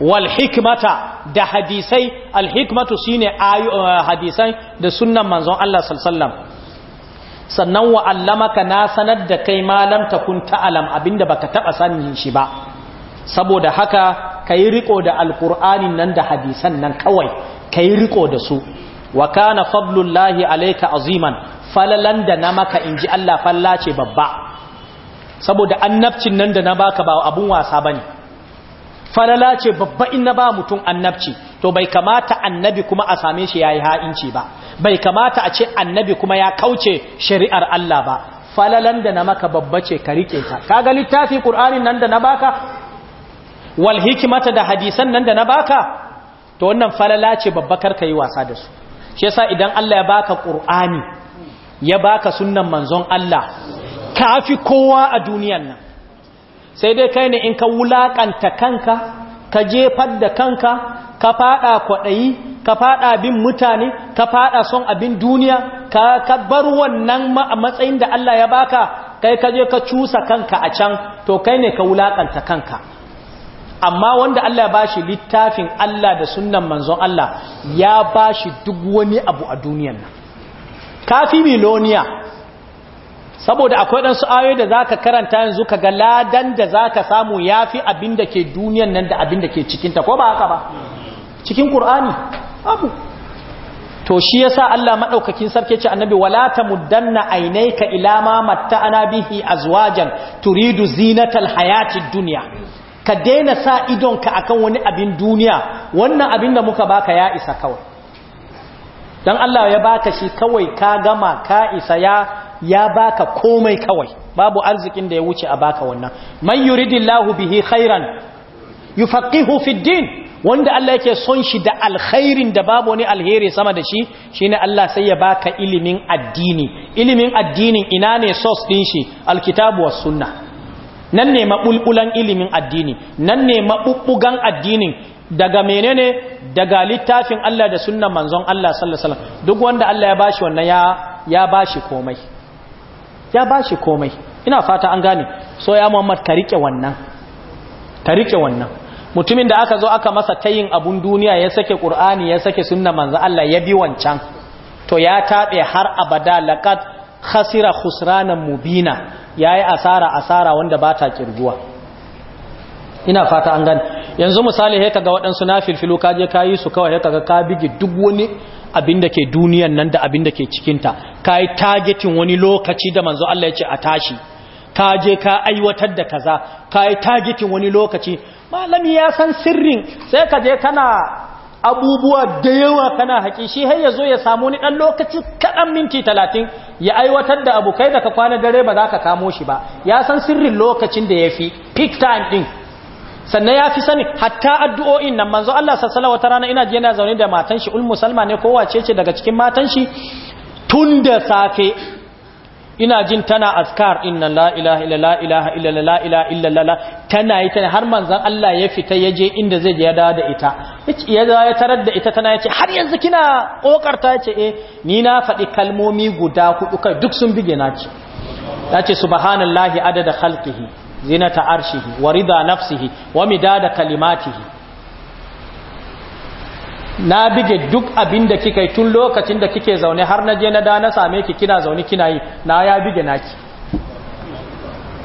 wal hikmata da hadisai al hikmatu shine ayu eh, hadisai da sunnan manzon Allah sallallahu alaihi wasallam sannan wa allamaka na sanar da kai malam takun ta'alam abinda baka taba sanin shi ba saboda haka kai riko da alqur'anin nan da hadisan nan kawai kai riko da su wa kana fadlullahi alayka aziman falalan da na maka inji Allah fallace babba saboda annabcin nan da na baka ba abun wasa bane falala ce babba in na ba mutum annabci to bai kamata annabi kuma a same shi ya yi ha'inci ba bai kamata a ce annabi kuma ya kauce shari'ar Allah ba falalan da na maka babba ce ka rike ta Ka ga littafi qur'anin nan da na baka wal hikmata da hadisan nan da na baka to wannan falala ce babba kar ka yi wasa da su shi yasa idan Allah ya baka qur'ani ya baka sunnan manzon Allah kafi kowa a duniyar nan sai dai kai ne in ka wulaƙanta kanka ka jefar da kanka ka faɗa kwaɗayi ka faɗa bin mutane ka fada son abin duniya ka, kabbar bar wannan matsayin da Allah ya baka kai ka je ka cusa kanka a can to kai ne ka wulaƙanta kanka amma wanda Allah ya bashi littafin Allah da sunnan manzon Allah ya bashi duk wani abu a duniyar nan kafi miloniya saboda akwai ɗansu ayoyi da za ka karanta yanzu ka ga ladan da za ka samu ya fi abin da ke duniyan nan da abin da ke cikinta ko ba haka ba cikin ƙur'ani abu to shi ya sa Allah maɗaukakin sarki ce annabi wala ta muddanna ainaika ilama mata ana bihi azwajan turidu zinatal hayatin duniya. ka daina sa idonka akan wani abin duniya wannan abin da muka baka ya isa kawai dan Allah ya baka shi kawai ka gama ka isa ya ya baka komai kawai babu arzikin da ya wuce a baka wannan man yuridillahu bihi khairan yufaqihu fid din wanda Allah yake son shi da alkhairin da babu wani alheri sama da shi shine Allah sai ya baka ilimin addini ilimin addinin ina ne source din shi alkitabu was sunna nan ne mabulbulan ilimin addini nan ne mabubbugan addinin daga menene daga littafin Allah da sunnan manzon Allah sallallahu alaihi wasallam duk wanda Allah ya bashi wannan ya ya bashi komai ya ba shi komai ina fata an gane so ya muhammad ka rike wannan ka rike wannan mutumin da aka zo aka masa tayin abun duniya ya sake qur'ani ya sake sunna manzo Allah ya bi wancan to ya taɓe har abada laqad khasira khusranan mubina yayi asara asara wanda ba ta kirguwa ina fata an gane yanzu misali he ga waɗansu nafilfilu ka je kayi su kawai kaga ka bigi duk wani abin da ke duniyan nan da abin da ke cikinta ka yi targetin wani lokaci da manzo Allah ya ce a tashi ka je ka aiwatar da kaza ka yi targetin wani lokaci malami ya san sirrin sai ka je kana abubuwa da yawa kana haƙi shi har ya zo ya samu ni ɗan lokaci kaɗan minti talatin ya aiwatar da abokai da ka kwana dare ba za ka kamo shi ba ya san sirrin lokacin da ya fi peak time ɗin sannan ya fi sani hatta addu'o'in nan manzo Allah sallallahu wata rana ina ji yana zaune da matan shi ummu salma ne ko wace ce daga cikin matan shi tun da safe ina jin tana azkar inna la ilaha illa la ilaha illa la ilaha illa la tana yi tana har manzan Allah ya fita ya je inda zai ya da ita ya ya tarar da ita tana yace har yanzu kina kokarta yace eh ni na faɗi kalmomi guda hudu kai duk sun bige na ce ce subhanallahi adada khalqihi zinata arshihi wa rida nafsihi wa midada kalimatihi na bige duk abin da kika yi tun lokacin da kike zaune har na je na da na same ki kina zaune kina yi na ya bige naki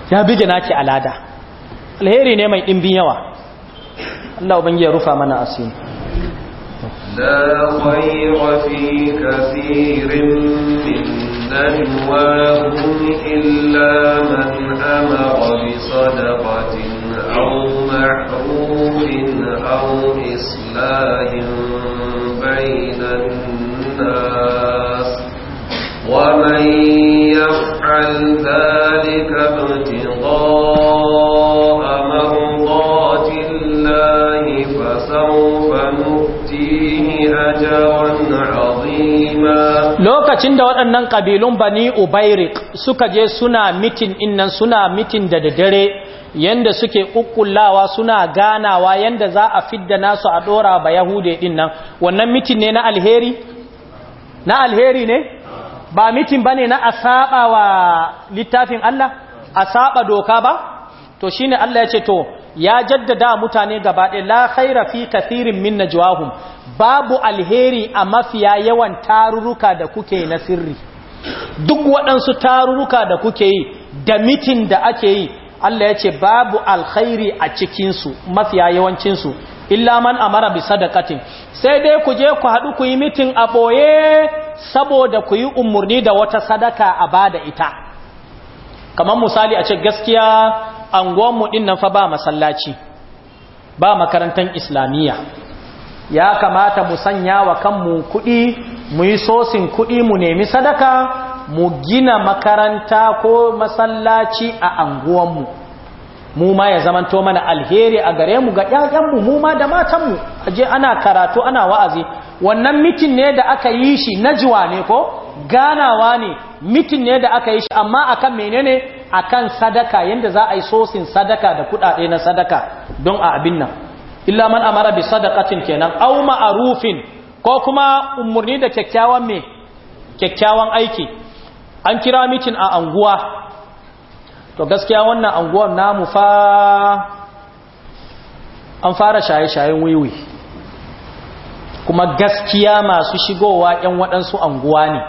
ya bige naki alada alheri ne mai ɗimbin yawa Allah ubangiya ya rufa mana asiri لا خير في كثير من نجواهم إلا من أمر بصدقة أو معروف أو إصلاح بين الناس ومن يفعل ذلك ابتغاء Lokacin da waɗannan ƙabilun bani ubairik suka je suna mitin innan suna mitin da dare yanda suke kukkullawa suna ganawa yanda za a fidda nasu a ɗora ba yahude din nan wannan mitin ne na alheri na alheri ne ba mitin ne na asaba wa littafin Allah asaba doka ba to shine Allah ya ce to ya jaddada mutane ɗaya la khaira fi kathirin min najwahum babu alheri a mafiya yawan tarurruka da kuke na sirri duk waɗansu tarurruka da kuke yi da mitin da ake yi Allah ya ce babu alkhairi a cikinsu mafiya yawancinsu illa man amara bi sadaqatin sai dai ku je ku haɗu ku yi mitin a ɓoye saboda ku yi umarni da wata sadaka a bada ita kamar misali a ce gaskiya anguwanmu ɗin nan fa ba masallaci ba makarantar islamiyya ya kamata mu sanya wa kanmu kuɗi mu yi sosin kuɗi mu nemi sadaka mu gina makaranta ko masallaci a anguwanmu mu ma ya zamanto mana alheri a gare mu ga ƴaƴanmu mu ma da matanmu aje ana karatu ana wa'azi wannan mitin ne da aka yi shi najwa ne ko ganawa ne mitin ne da aka yi shi amma akan menene akan sadaka yanda za a yi sosin sadaka da kudade na sadaka don a abin nan illa man amara bi sadaqatin kenan aw ma'rufin ko kuma umarni da kyakkyawan me kyakkyawan aiki an kira mitin a anguwa to gaskiya wannan anguwar namu fa an fara shaye-shayen wiwi kuma gaskiya masu shigowa 'yan waɗansu anguwa ne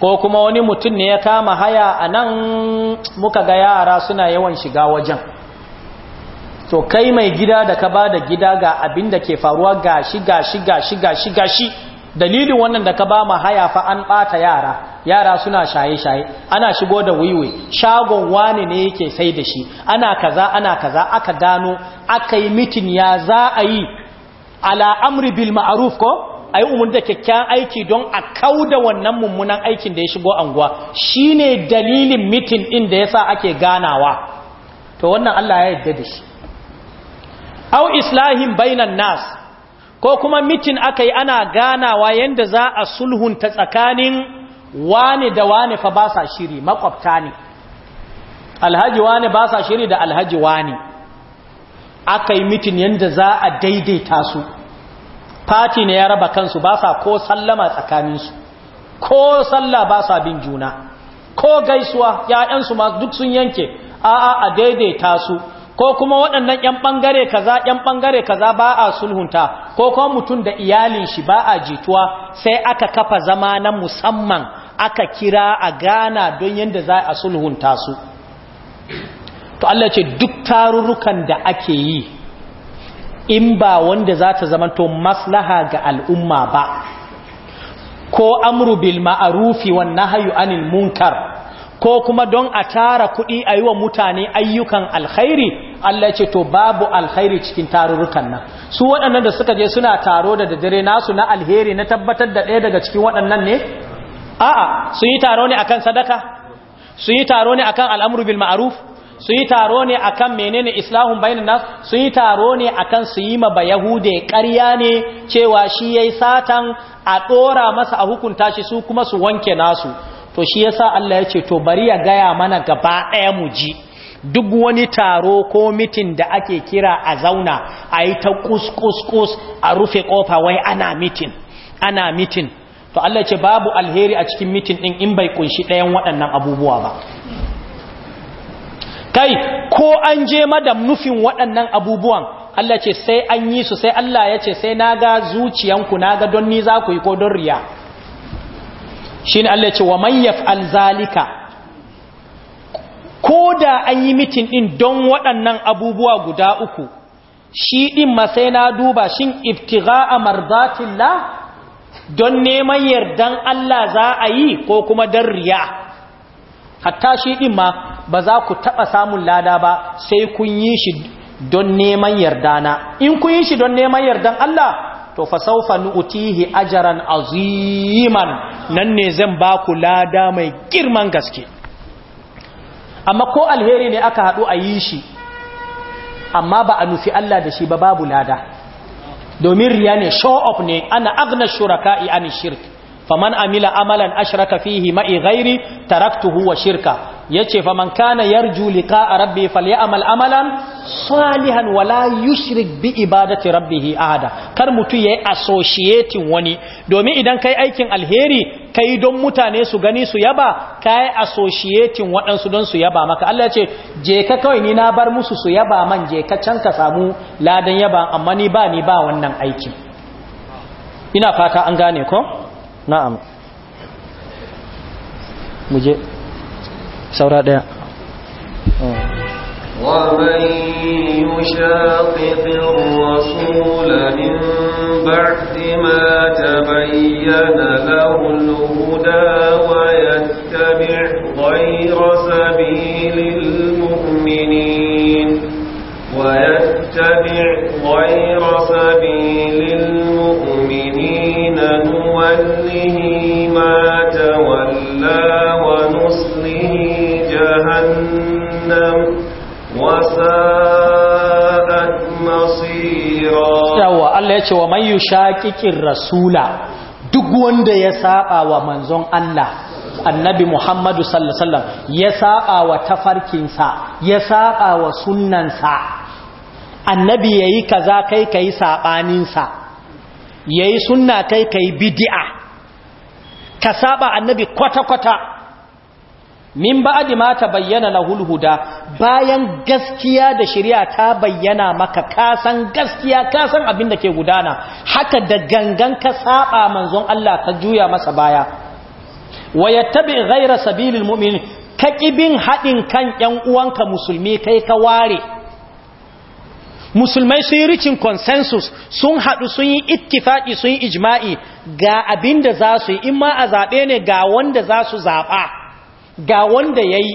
ko kuma wani mutum ne ya kama haya a nan muka ga yara suna yawan shiga wajen to kai mai gida da ka ba da gida ga abin da ke faruwa gashi gashi gashi gashi gashi dalilin wannan da ka ba ma haya fa an ɓata yara yara suna shaye-shaye ana shigo da wiwi shagon wani ne yake sai da shi ana kaza ana kaza aka gano aka yi mitin ya za a yi ala amri bil ma'aruf ko a yi umarni da kyakkyawan aiki don a da wannan mummunan aikin da ya shigo anguwa shi ne dalilin mitin ɗin da ya sa ake ganawa to wannan Allah ya yarda da shi au islahin bainan nas ko kuma mitin aka yi ana ganawa yadda za a sulhunta tsakanin wani da wani fa ba sa shiri makwabta ne alhaji wani ba sa shiri da alhaji wani. aka yi mitin yadda za a daidaita su fati ne ya raba kansu ba sa ko sallama tsakaninsu ko salla ba sa bin juna ko gaisuwa ‘ya'yansu ma duk sun yanke a'a a daidaita su ko kuma waɗannan ‘yan ɓangare kaza ‘yan ɓangare kaza ba a sulhunta ko kuma mutum da iyalin shi ba a jituwa sai aka kafa zama na musamman aka kira a gana don yadda za a sulhunta su to Allah ce duk tarurrukan da ake yi in ba wanda za ta zamanto maslaha ga al'umma ba ko amru bil ma'arufi wa nahyu anil munkar ko kuma don a tara kuɗi a yi wa mutane ayyukan alkhairi Allah ce to babu alkhairi cikin tarurrukan nan su waɗannan da suka je suna taro da dare nasu na alheri na tabbatar da ɗaya daga cikin waɗannan ne a'a Su yi taro ne akan sadaka Su yi taro ne akan al'amru bil ma'ruf su yi taro ne akan menene islahun bayanin nas su yi taro ne akan su yi ma bayahude ƙarya ne cewa shi ya yi satan a dora masa a hukunta shi su kuma su wanke nasu to shi ya sa Allah ya ce to bari ya gaya mana gaba ɗaya mu ji duk wani taro ko mitin da ake kira a zauna a yi ta kus a rufe ƙofa wai ana mitin ana mitin to Allah ce babu alheri a cikin mitin ɗin in bai ƙunshi ɗayan waɗannan abubuwa ba kai ko an je madam nufin waɗannan abubuwan Allah ce sai an yi su sai Allah ya ce sai na ga zuciyanku na ga don ni za ku yi ko don riya shi ne Allah ce wa manyaf alzalika ko da an yi mitin ɗin don waɗannan abubuwa guda uku shi ɗin ma sai na duba shin iftiga a marzatin don neman yardan Allah za a yi ko kuma don riya hatta shi din ma ba za ku taɓa samun lada ba sai kun yi shi don neman yarda na in kun yi shi don neman yardan Allah to fa saufa nu'tihi ajran aziman nan ne zan ba ku lada mai girman gaske amma ko alheri ne aka hadu a yi shi amma ba a nufi Allah da shi ba babu lada domin riya ne show up ne ana agna shuraka'i an shirk faman amila amalan ashraka fihi ma'i ghairi taraktuhu wa shirka yace faman kana yarju liqa'a rabbi falyamal amalan salihan wa la yushrik bi ibadati rabbih ahada kar mutu yayi associating wani domin idan kai aikin alheri kai don mutane su gani su yaba kai associating waɗansu don su yaba maka Allah yace je ka kawai ni na bar musu su yaba man je ka can ka samu ladan yaba amma ni ba ni ba wannan aiki ina fata an gane ko na'am muje saura daya ومن يشاقق الرسول من بعد ما تبين له الهدى ويتبع غير سبيل المؤمنين ويتبع غير سبيل المؤمنين نوله ما تولى ونصله جهنم وساءت مصيرا yawa Allah ya ce wa man rasula duk wanda ya saba wa manzon Allah annabi Muhammadu sallallahu Alaihi wasallam ya saƙa wa tafarkinsa, ya saƙa wa sunnansa. annabi ya yi kaza kai ka yi saɓaninsa ya yi suna kai ka yi bidi'a ka saɓa annabi kwata-kwata min ba ma ta bayyana na hulhuda bayan gaskiya da shirya ta bayyana maka kasan gaskiya kasan abin da ke gudana haka da gangan ka saɓa manzon Allah ka juya masa baya wa tabi' gaira sabilin mu'min ka ƙibin haɗin kan yan uwanka musulmi kai ka ware musulmai sun yi rikin consensus sun haɗu sun yi ittifaki sun yi ijma'i ga abin da za su yi in ma a zaɓe ne ga wanda za su zaɓa ga wanda ya yi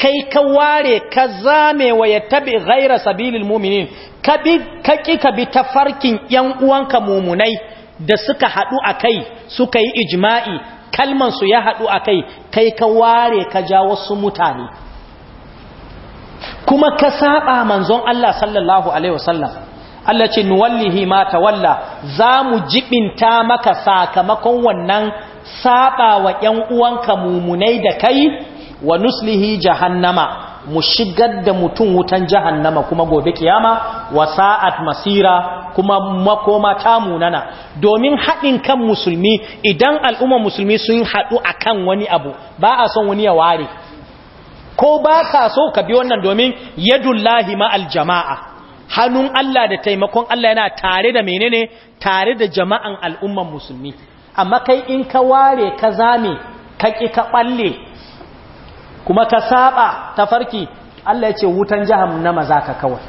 kai ka ware ka zame wa ya tabi ghaira sabilin muminin ka ƙi ka bi ta farkin ‘yan uwanka mumunai da suka haɗu a kai suka yi ijma'i kalmansu ya haɗu a kai kai ka ware ka ja wasu mutane kuma ka saba manzon Allah sallallahu alaihi wasallam Allah ce nuwallihi ma tawalla zamu jibinta maka sakamakon wannan saba wa ƴan uwanka mumunai da kai wa nuslihi jahannama mu shigar da mutum wutan jahannama kuma gobe kiyama wa sa'at masira kuma makoma ta munana domin haɗin kan musulmi idan al'umma musulmi sun haɗu akan wani abu ba a son wani ya ware ko ba ka so ka bi wannan domin yadullahi ma'al jama'a hannun Allah da taimakon Allah yana tare da menene tare da jama'an al'umman musulmi amma kai in ka ware ka zame ka ki ka ɓalle kuma ka saba ta farki Allah ya ce wutan jahannama za ka kawai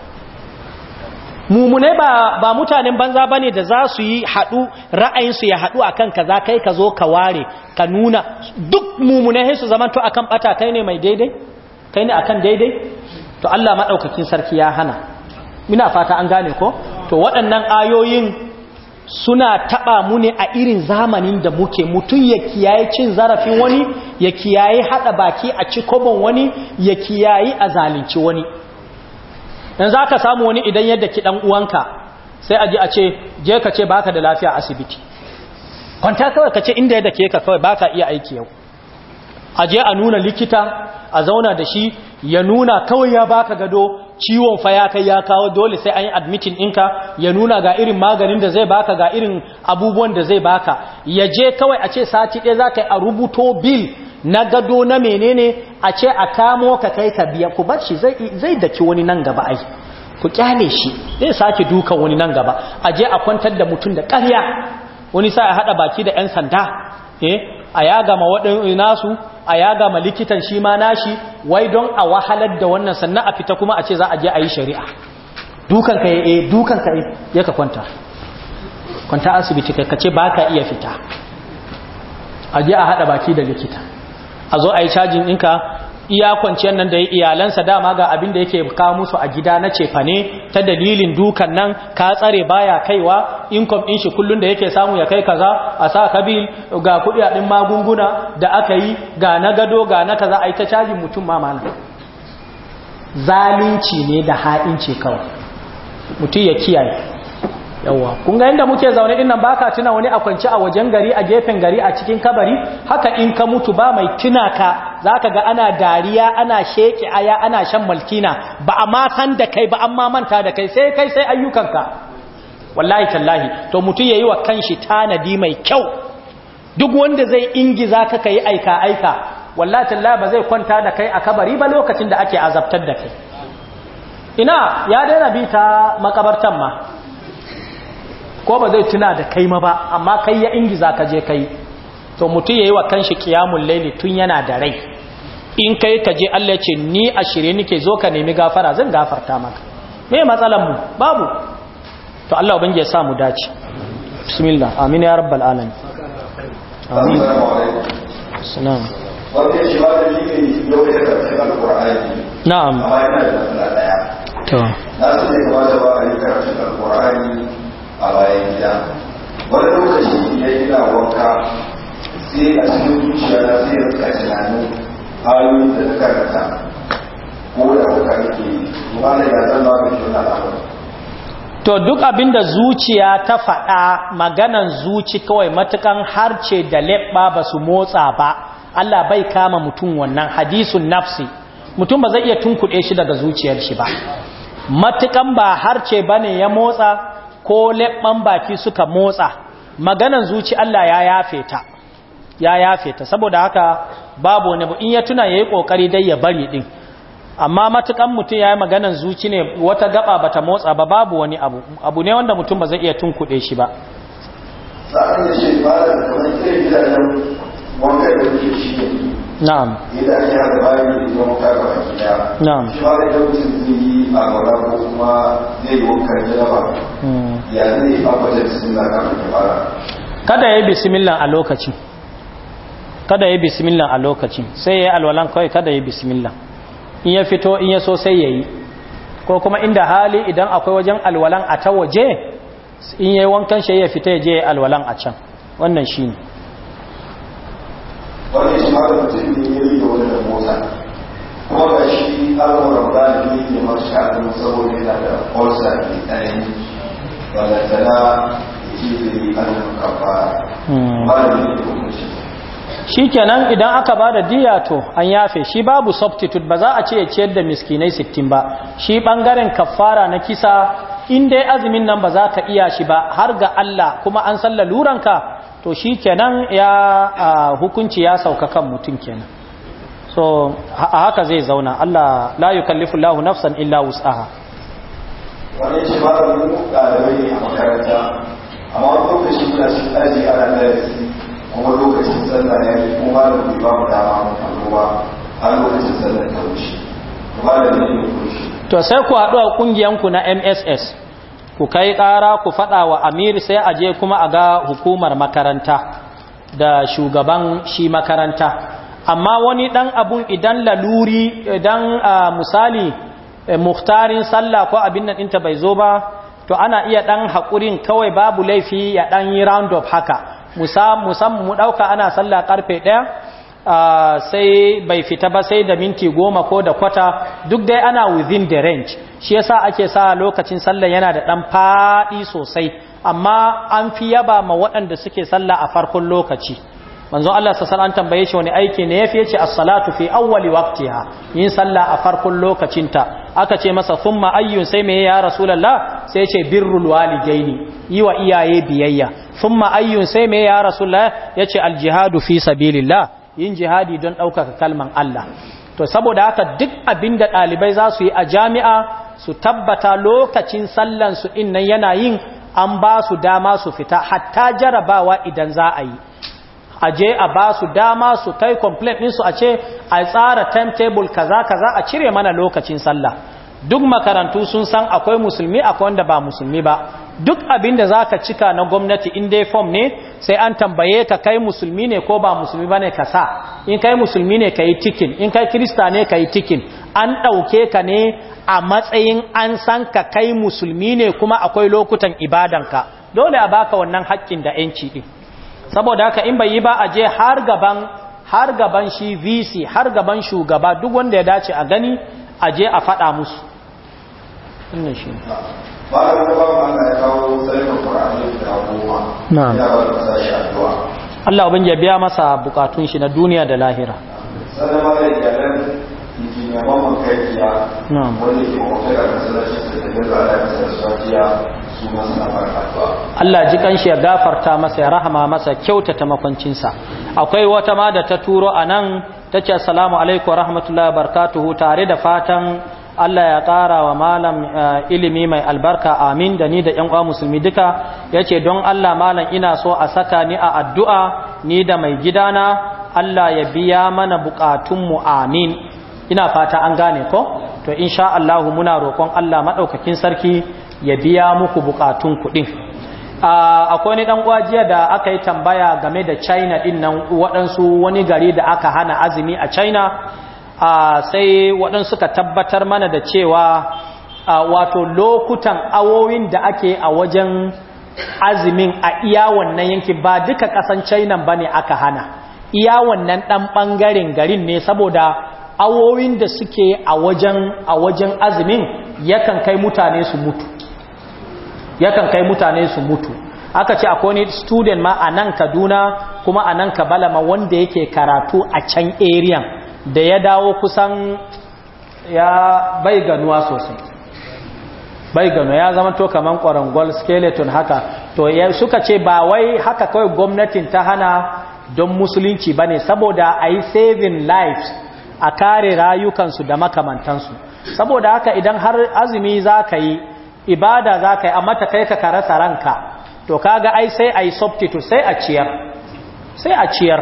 mumune ba, mutanen banza bane da za su yi haɗu ra'ayinsu ya haɗu akan kaza kai ka zo ka ware ka nuna duk mumune su zamanto akan ɓata kai ne mai daidai kai ne akan daidai to Allah madaukakin sarki ya hana ina fata an gane ko to waɗannan ayoyin suna taɓa mu ne a irin zamanin da muke mutum ya kiyaye cin zarafin wani ya kiyaye haɗa baki a cikobon wani ya kiyaye a zalunci wani dan zaka samu wani idan yadda ki ɗan uwanka sai aje a ce je ka ce baka da lafiya asibiti kwanta kawai ka ce inda yadda ke ka kawai baka iya aiki yau a je a nuna likita a zauna da shi ya nuna kawai ya baka gado ciwon fa ya kai ya kawo dole sai an yi admitting ɗinka ya nuna ga irin maganin da zai baka ga irin abubuwan da zai baka ya je kawai a ce sati ɗaya za ka yi a rubuto bil na gado na menene a ce a kamo ka kai ka biya ku bar shi zai daki wani nan gaba ai ku kyale shi zai sake duka wani nan gaba a je a kwantar da mutum da ƙarya wani sa a haɗa baki da 'yan sanda eh a ya gama waɗin nasu a ya gama likitan shi ma nashi wai don a wahalar da wannan sannan a fita kuma a ce za a je a yi shari'a dukanka ya ka eh, dukanka ya eh, ka kwanta kwanta asibiti ka ce ba ka iya fita a je a haɗa baki da likita a zo a yi cajin ɗinka iya kwanciyar nan da ya iyalansa dama ga abin da yake kawo musu a gida na cefa ne ta dalilin dukan nan ka tsare baya kaiwa inkom din shi kullum da yake samu ya kai kaza a sa kabil ga kudi a din magunguna da aka yi ga na gado ga na kaza a yi ta cajin mutum ma mana. zalunci ne da ha'inci kawai mutum ya kiyaye yawa kun ga yanda muke zaune dinnan baka tuna wani a kwance a wajen gari a gefen gari a cikin kabari haka in ka mutu ba mai tuna ka zaka ga ana dariya ana sheke aya ana shan malkina ba a ma da kai ba amma manta da kai sai kai sai ayyukanka wallahi tallahi to mutum yayi wa kanshi tanadi mai kyau duk wanda zai ingi za ka kai aika aika wallahi tallahi ba zai kwanta da kai a kabari ba lokacin da ake azabtar da kai ina ya daina bi ta makabartan ma ko ba zai tuna da kai ma ba amma kai ya ingiza ka je kai to mutum yi wa kanshi kiyamun laili tun yana da rai in kai ka je Allah ya ce ni a shirye nike zo ka nemi gafara zan gafarta maka me matsalan mu babu to Allah ubangi ya sa mu dace bismillah amin ya rabbal alamin amin assalamu alaikum shi ba da shi ne lokacin da cikin alqur'ani na'am da matsala daya to na so ne ba da ba a yi karatun alqur'ani a bayan gida wani lokaci ya yi na wanka sai a cikin zuciya na sai ya rika tunanin hanyoyin da ta karanta ko da kuka nake wani da zan ba mai kyau na To duk abinda zuciya ta faɗa maganan zuci kawai matukan harce da leɓɓa ba su motsa ba, Allah bai kama mutum wannan hadisun nafsi, mutum ba zai iya tunkuɗe shi daga zuciyar shi ba. Matukan ba harce ba ne ya motsa, ko leɓɓan baki suka motsa maganan zuci Allah ya yafe ta ya yafe ta saboda haka babu wani in ya tuna ya yi ƙoƙari dai ya bari ɗin amma matukan mutum ya yi maganan zuci ne wata gaba bata motsa ba babu wani abu abu ne wanda mutum ba zai iya tunkuɗe shi ba na'am shi ba kada ya yi bismillah a lokaci kada ya yi bismillah a lokaci sai ya yi alwalan kawai kada ya yi bismillah in ya fito in ya so sai ya yi ko kuma inda hali idan akwai wajen alwalan a ta waje in ya yi wankan shi ya fita ya je ya alwalan a can wannan shi ne wani shi ma da mutum ne ya yi da wani da motsa kuma ga shi alwalan ba ne ne masu shaɗin saboda yana da ƙwarsa ke tsanani kafa ba hmm. shi kenan idan aka ba da diya to an yafe shi babu substitute ba za a ce ya ciyar da miskinai sittin ba shi ɓangaren kafara na kisa in dai azumin nan ba za ka iya shi ba har ga Allah kuma an salla luranka to shi kenan ya hukunci ya sauka kan mutum kenan so a haka zai zauna Allah la yukallifu lahu nafsan illa wus'aha wani ce da mu ɗalibai ne a makaranta amma wani lokacin muna shi aji ana darasi kuma lokacin sallah ya yi kuma da mu ba mu dama mu kallo ba har lokacin sallah ta wuce malamin ne kunshi to sai ku haɗu a ƙungiyanku na mss ku kai ƙara ku faɗa wa amir sai a je kuma a ga hukumar makaranta da shugaban shi makaranta amma wani ɗan abun idan laluri idan ah, misali Eh, muhtarin sallah ko abin nan ɗinta bai zo ba to ana iya ɗan haƙurin kawai babu laifi ya ɗan yi round up haka musamman mu ɗauka ana sallah ƙarfe ɗaya sai bai fita ba sai da minti goma ko da kwata duk dai ana within the range shi yasa ake sa lokacin sallah yana da ɗan faɗi sosai amma an fi yaba ma waɗanda suke sallah a farkon lokaci manzon Allah sassan an tambaye shi wani aiki ne ya yace as-salatu fi awwali waqtiha yin sallah a farkon lokacinta aka ce masa thumma ayyun sai me ya rasulullah sai yace birrul walidaini yi wa iyaye biyayya thumma ayyun sai me ya rasulullah yace al-jihadu fi sabilillah yin jihadi don ɗaukaka kalman Allah to saboda haka duk abinda ɗalibai za su yi a jami'a su tabbata lokacin sallan su innan yana yin an ba su dama su fita hatta jarabawa idan za a yi a je a ba su dama su kai complaint ɗinsu a ce a tsara timetable kaza kaza a cire mana lokacin sallah duk makarantu sun san akwai musulmi akwai wanda ba musulmi ba duk abin da za ka cika na gwamnati in dai form ne sai an tambaye ka kai musulmi ne ko ba musulmi ba ka sa in kai musulmi ne ka yi tikin in kai kirista ne ka yi tikin an ɗauke ka ne a matsayin an san ka kai musulmi ne kuma akwai lokutan ibadan ka dole a baka wannan haƙƙin da 'yanci ɗin saboda haka in bai yi ba a je har gaban har gaban shi vc har gaban shugaba duk wanda ya dace a gani a je a faɗa musu wannan shi Allah ubin ya biya masa bukatun shi na duniya da lahira sanarwa da yaran injiniyan mamman kajiya wanda ke mafi da kasar shi da zai zara da kasar Allah ji kanshi ya gafarta masa ya rahama masa kyauta kyautata makwancinsa akwai wata ma da ta turo a nan ta ce assalamu alaikum rahmatullahi barakatuhu tare da fatan Allah ya ƙara wa malam eh, ilimi mai albarka amin da ni da ƴan uwa musulmi duka yace don Allah malam ina so a saka ni a addu'a ni da mai gidana Allah ya biya mana bukatunmu amin ina fata an gane ko to insha Allah muna roƙon Allah madaukakin sarki ya biya muku bukatun kudin akwai wani dan kwajiya da aka yi tambaya game da china din nan waɗansu wani gari da aka hana azumi a china sai waɗansu ka tabbatar mana da cewa wato lokutan awowin da ake a wajen azumin a iya wannan yanki ba duka ƙasan china ba ne aka hana iya wannan ɗan ɓangaren garin ne saboda awowin da suke a wajen azumin yakan kai mutane su mutu yakan kai mutane su mutu aka ce akwai ne student ma a nan kaduna kuma a nan kabalama wanda yake karatu a can area da ya dawo kusan ya bai ganuwa sosai bai ganuwa ya zama to kaman kwarangol skeleton haka to ya suka ce ba wai haka kawai gwamnatin ta hana don musulunci ba ne saboda a yi saving lives a kare rayukansu da makamantansu saboda haka idan har azumi za ka yi ibada za ka yi amma ta kai ka karasa ranka to kaga ai sai a yi substitute sai a ciyar sai a ciyar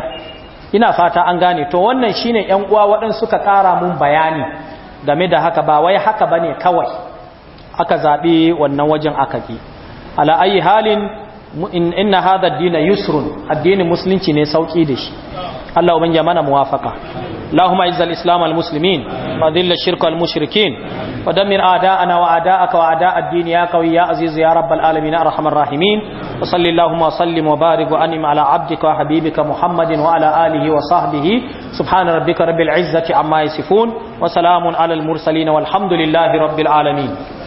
ina fata an gane to wannan shine yan uwa waɗansu suka ƙara mun bayani game da haka ba wai haka bane kawai aka zaɓi wannan wajen aka fi. ala ayi halin inna hadha ad-din yusrun addinin musulunci ne sauki da shi Allah ubangiji mana muwafaka اللهم اعز الاسلام المسلمين وذل الشرك المشركين ودمر اعداءنا واعداءك واعداء الدين يا قوي يا عزيز يا رب العالمين ارحم الراحمين وصل اللهم وسلم وبارك وانم على عبدك وحبيبك محمد وعلى اله وصحبه سبحان ربك رب العزه عما يصفون وسلام على المرسلين والحمد لله رب العالمين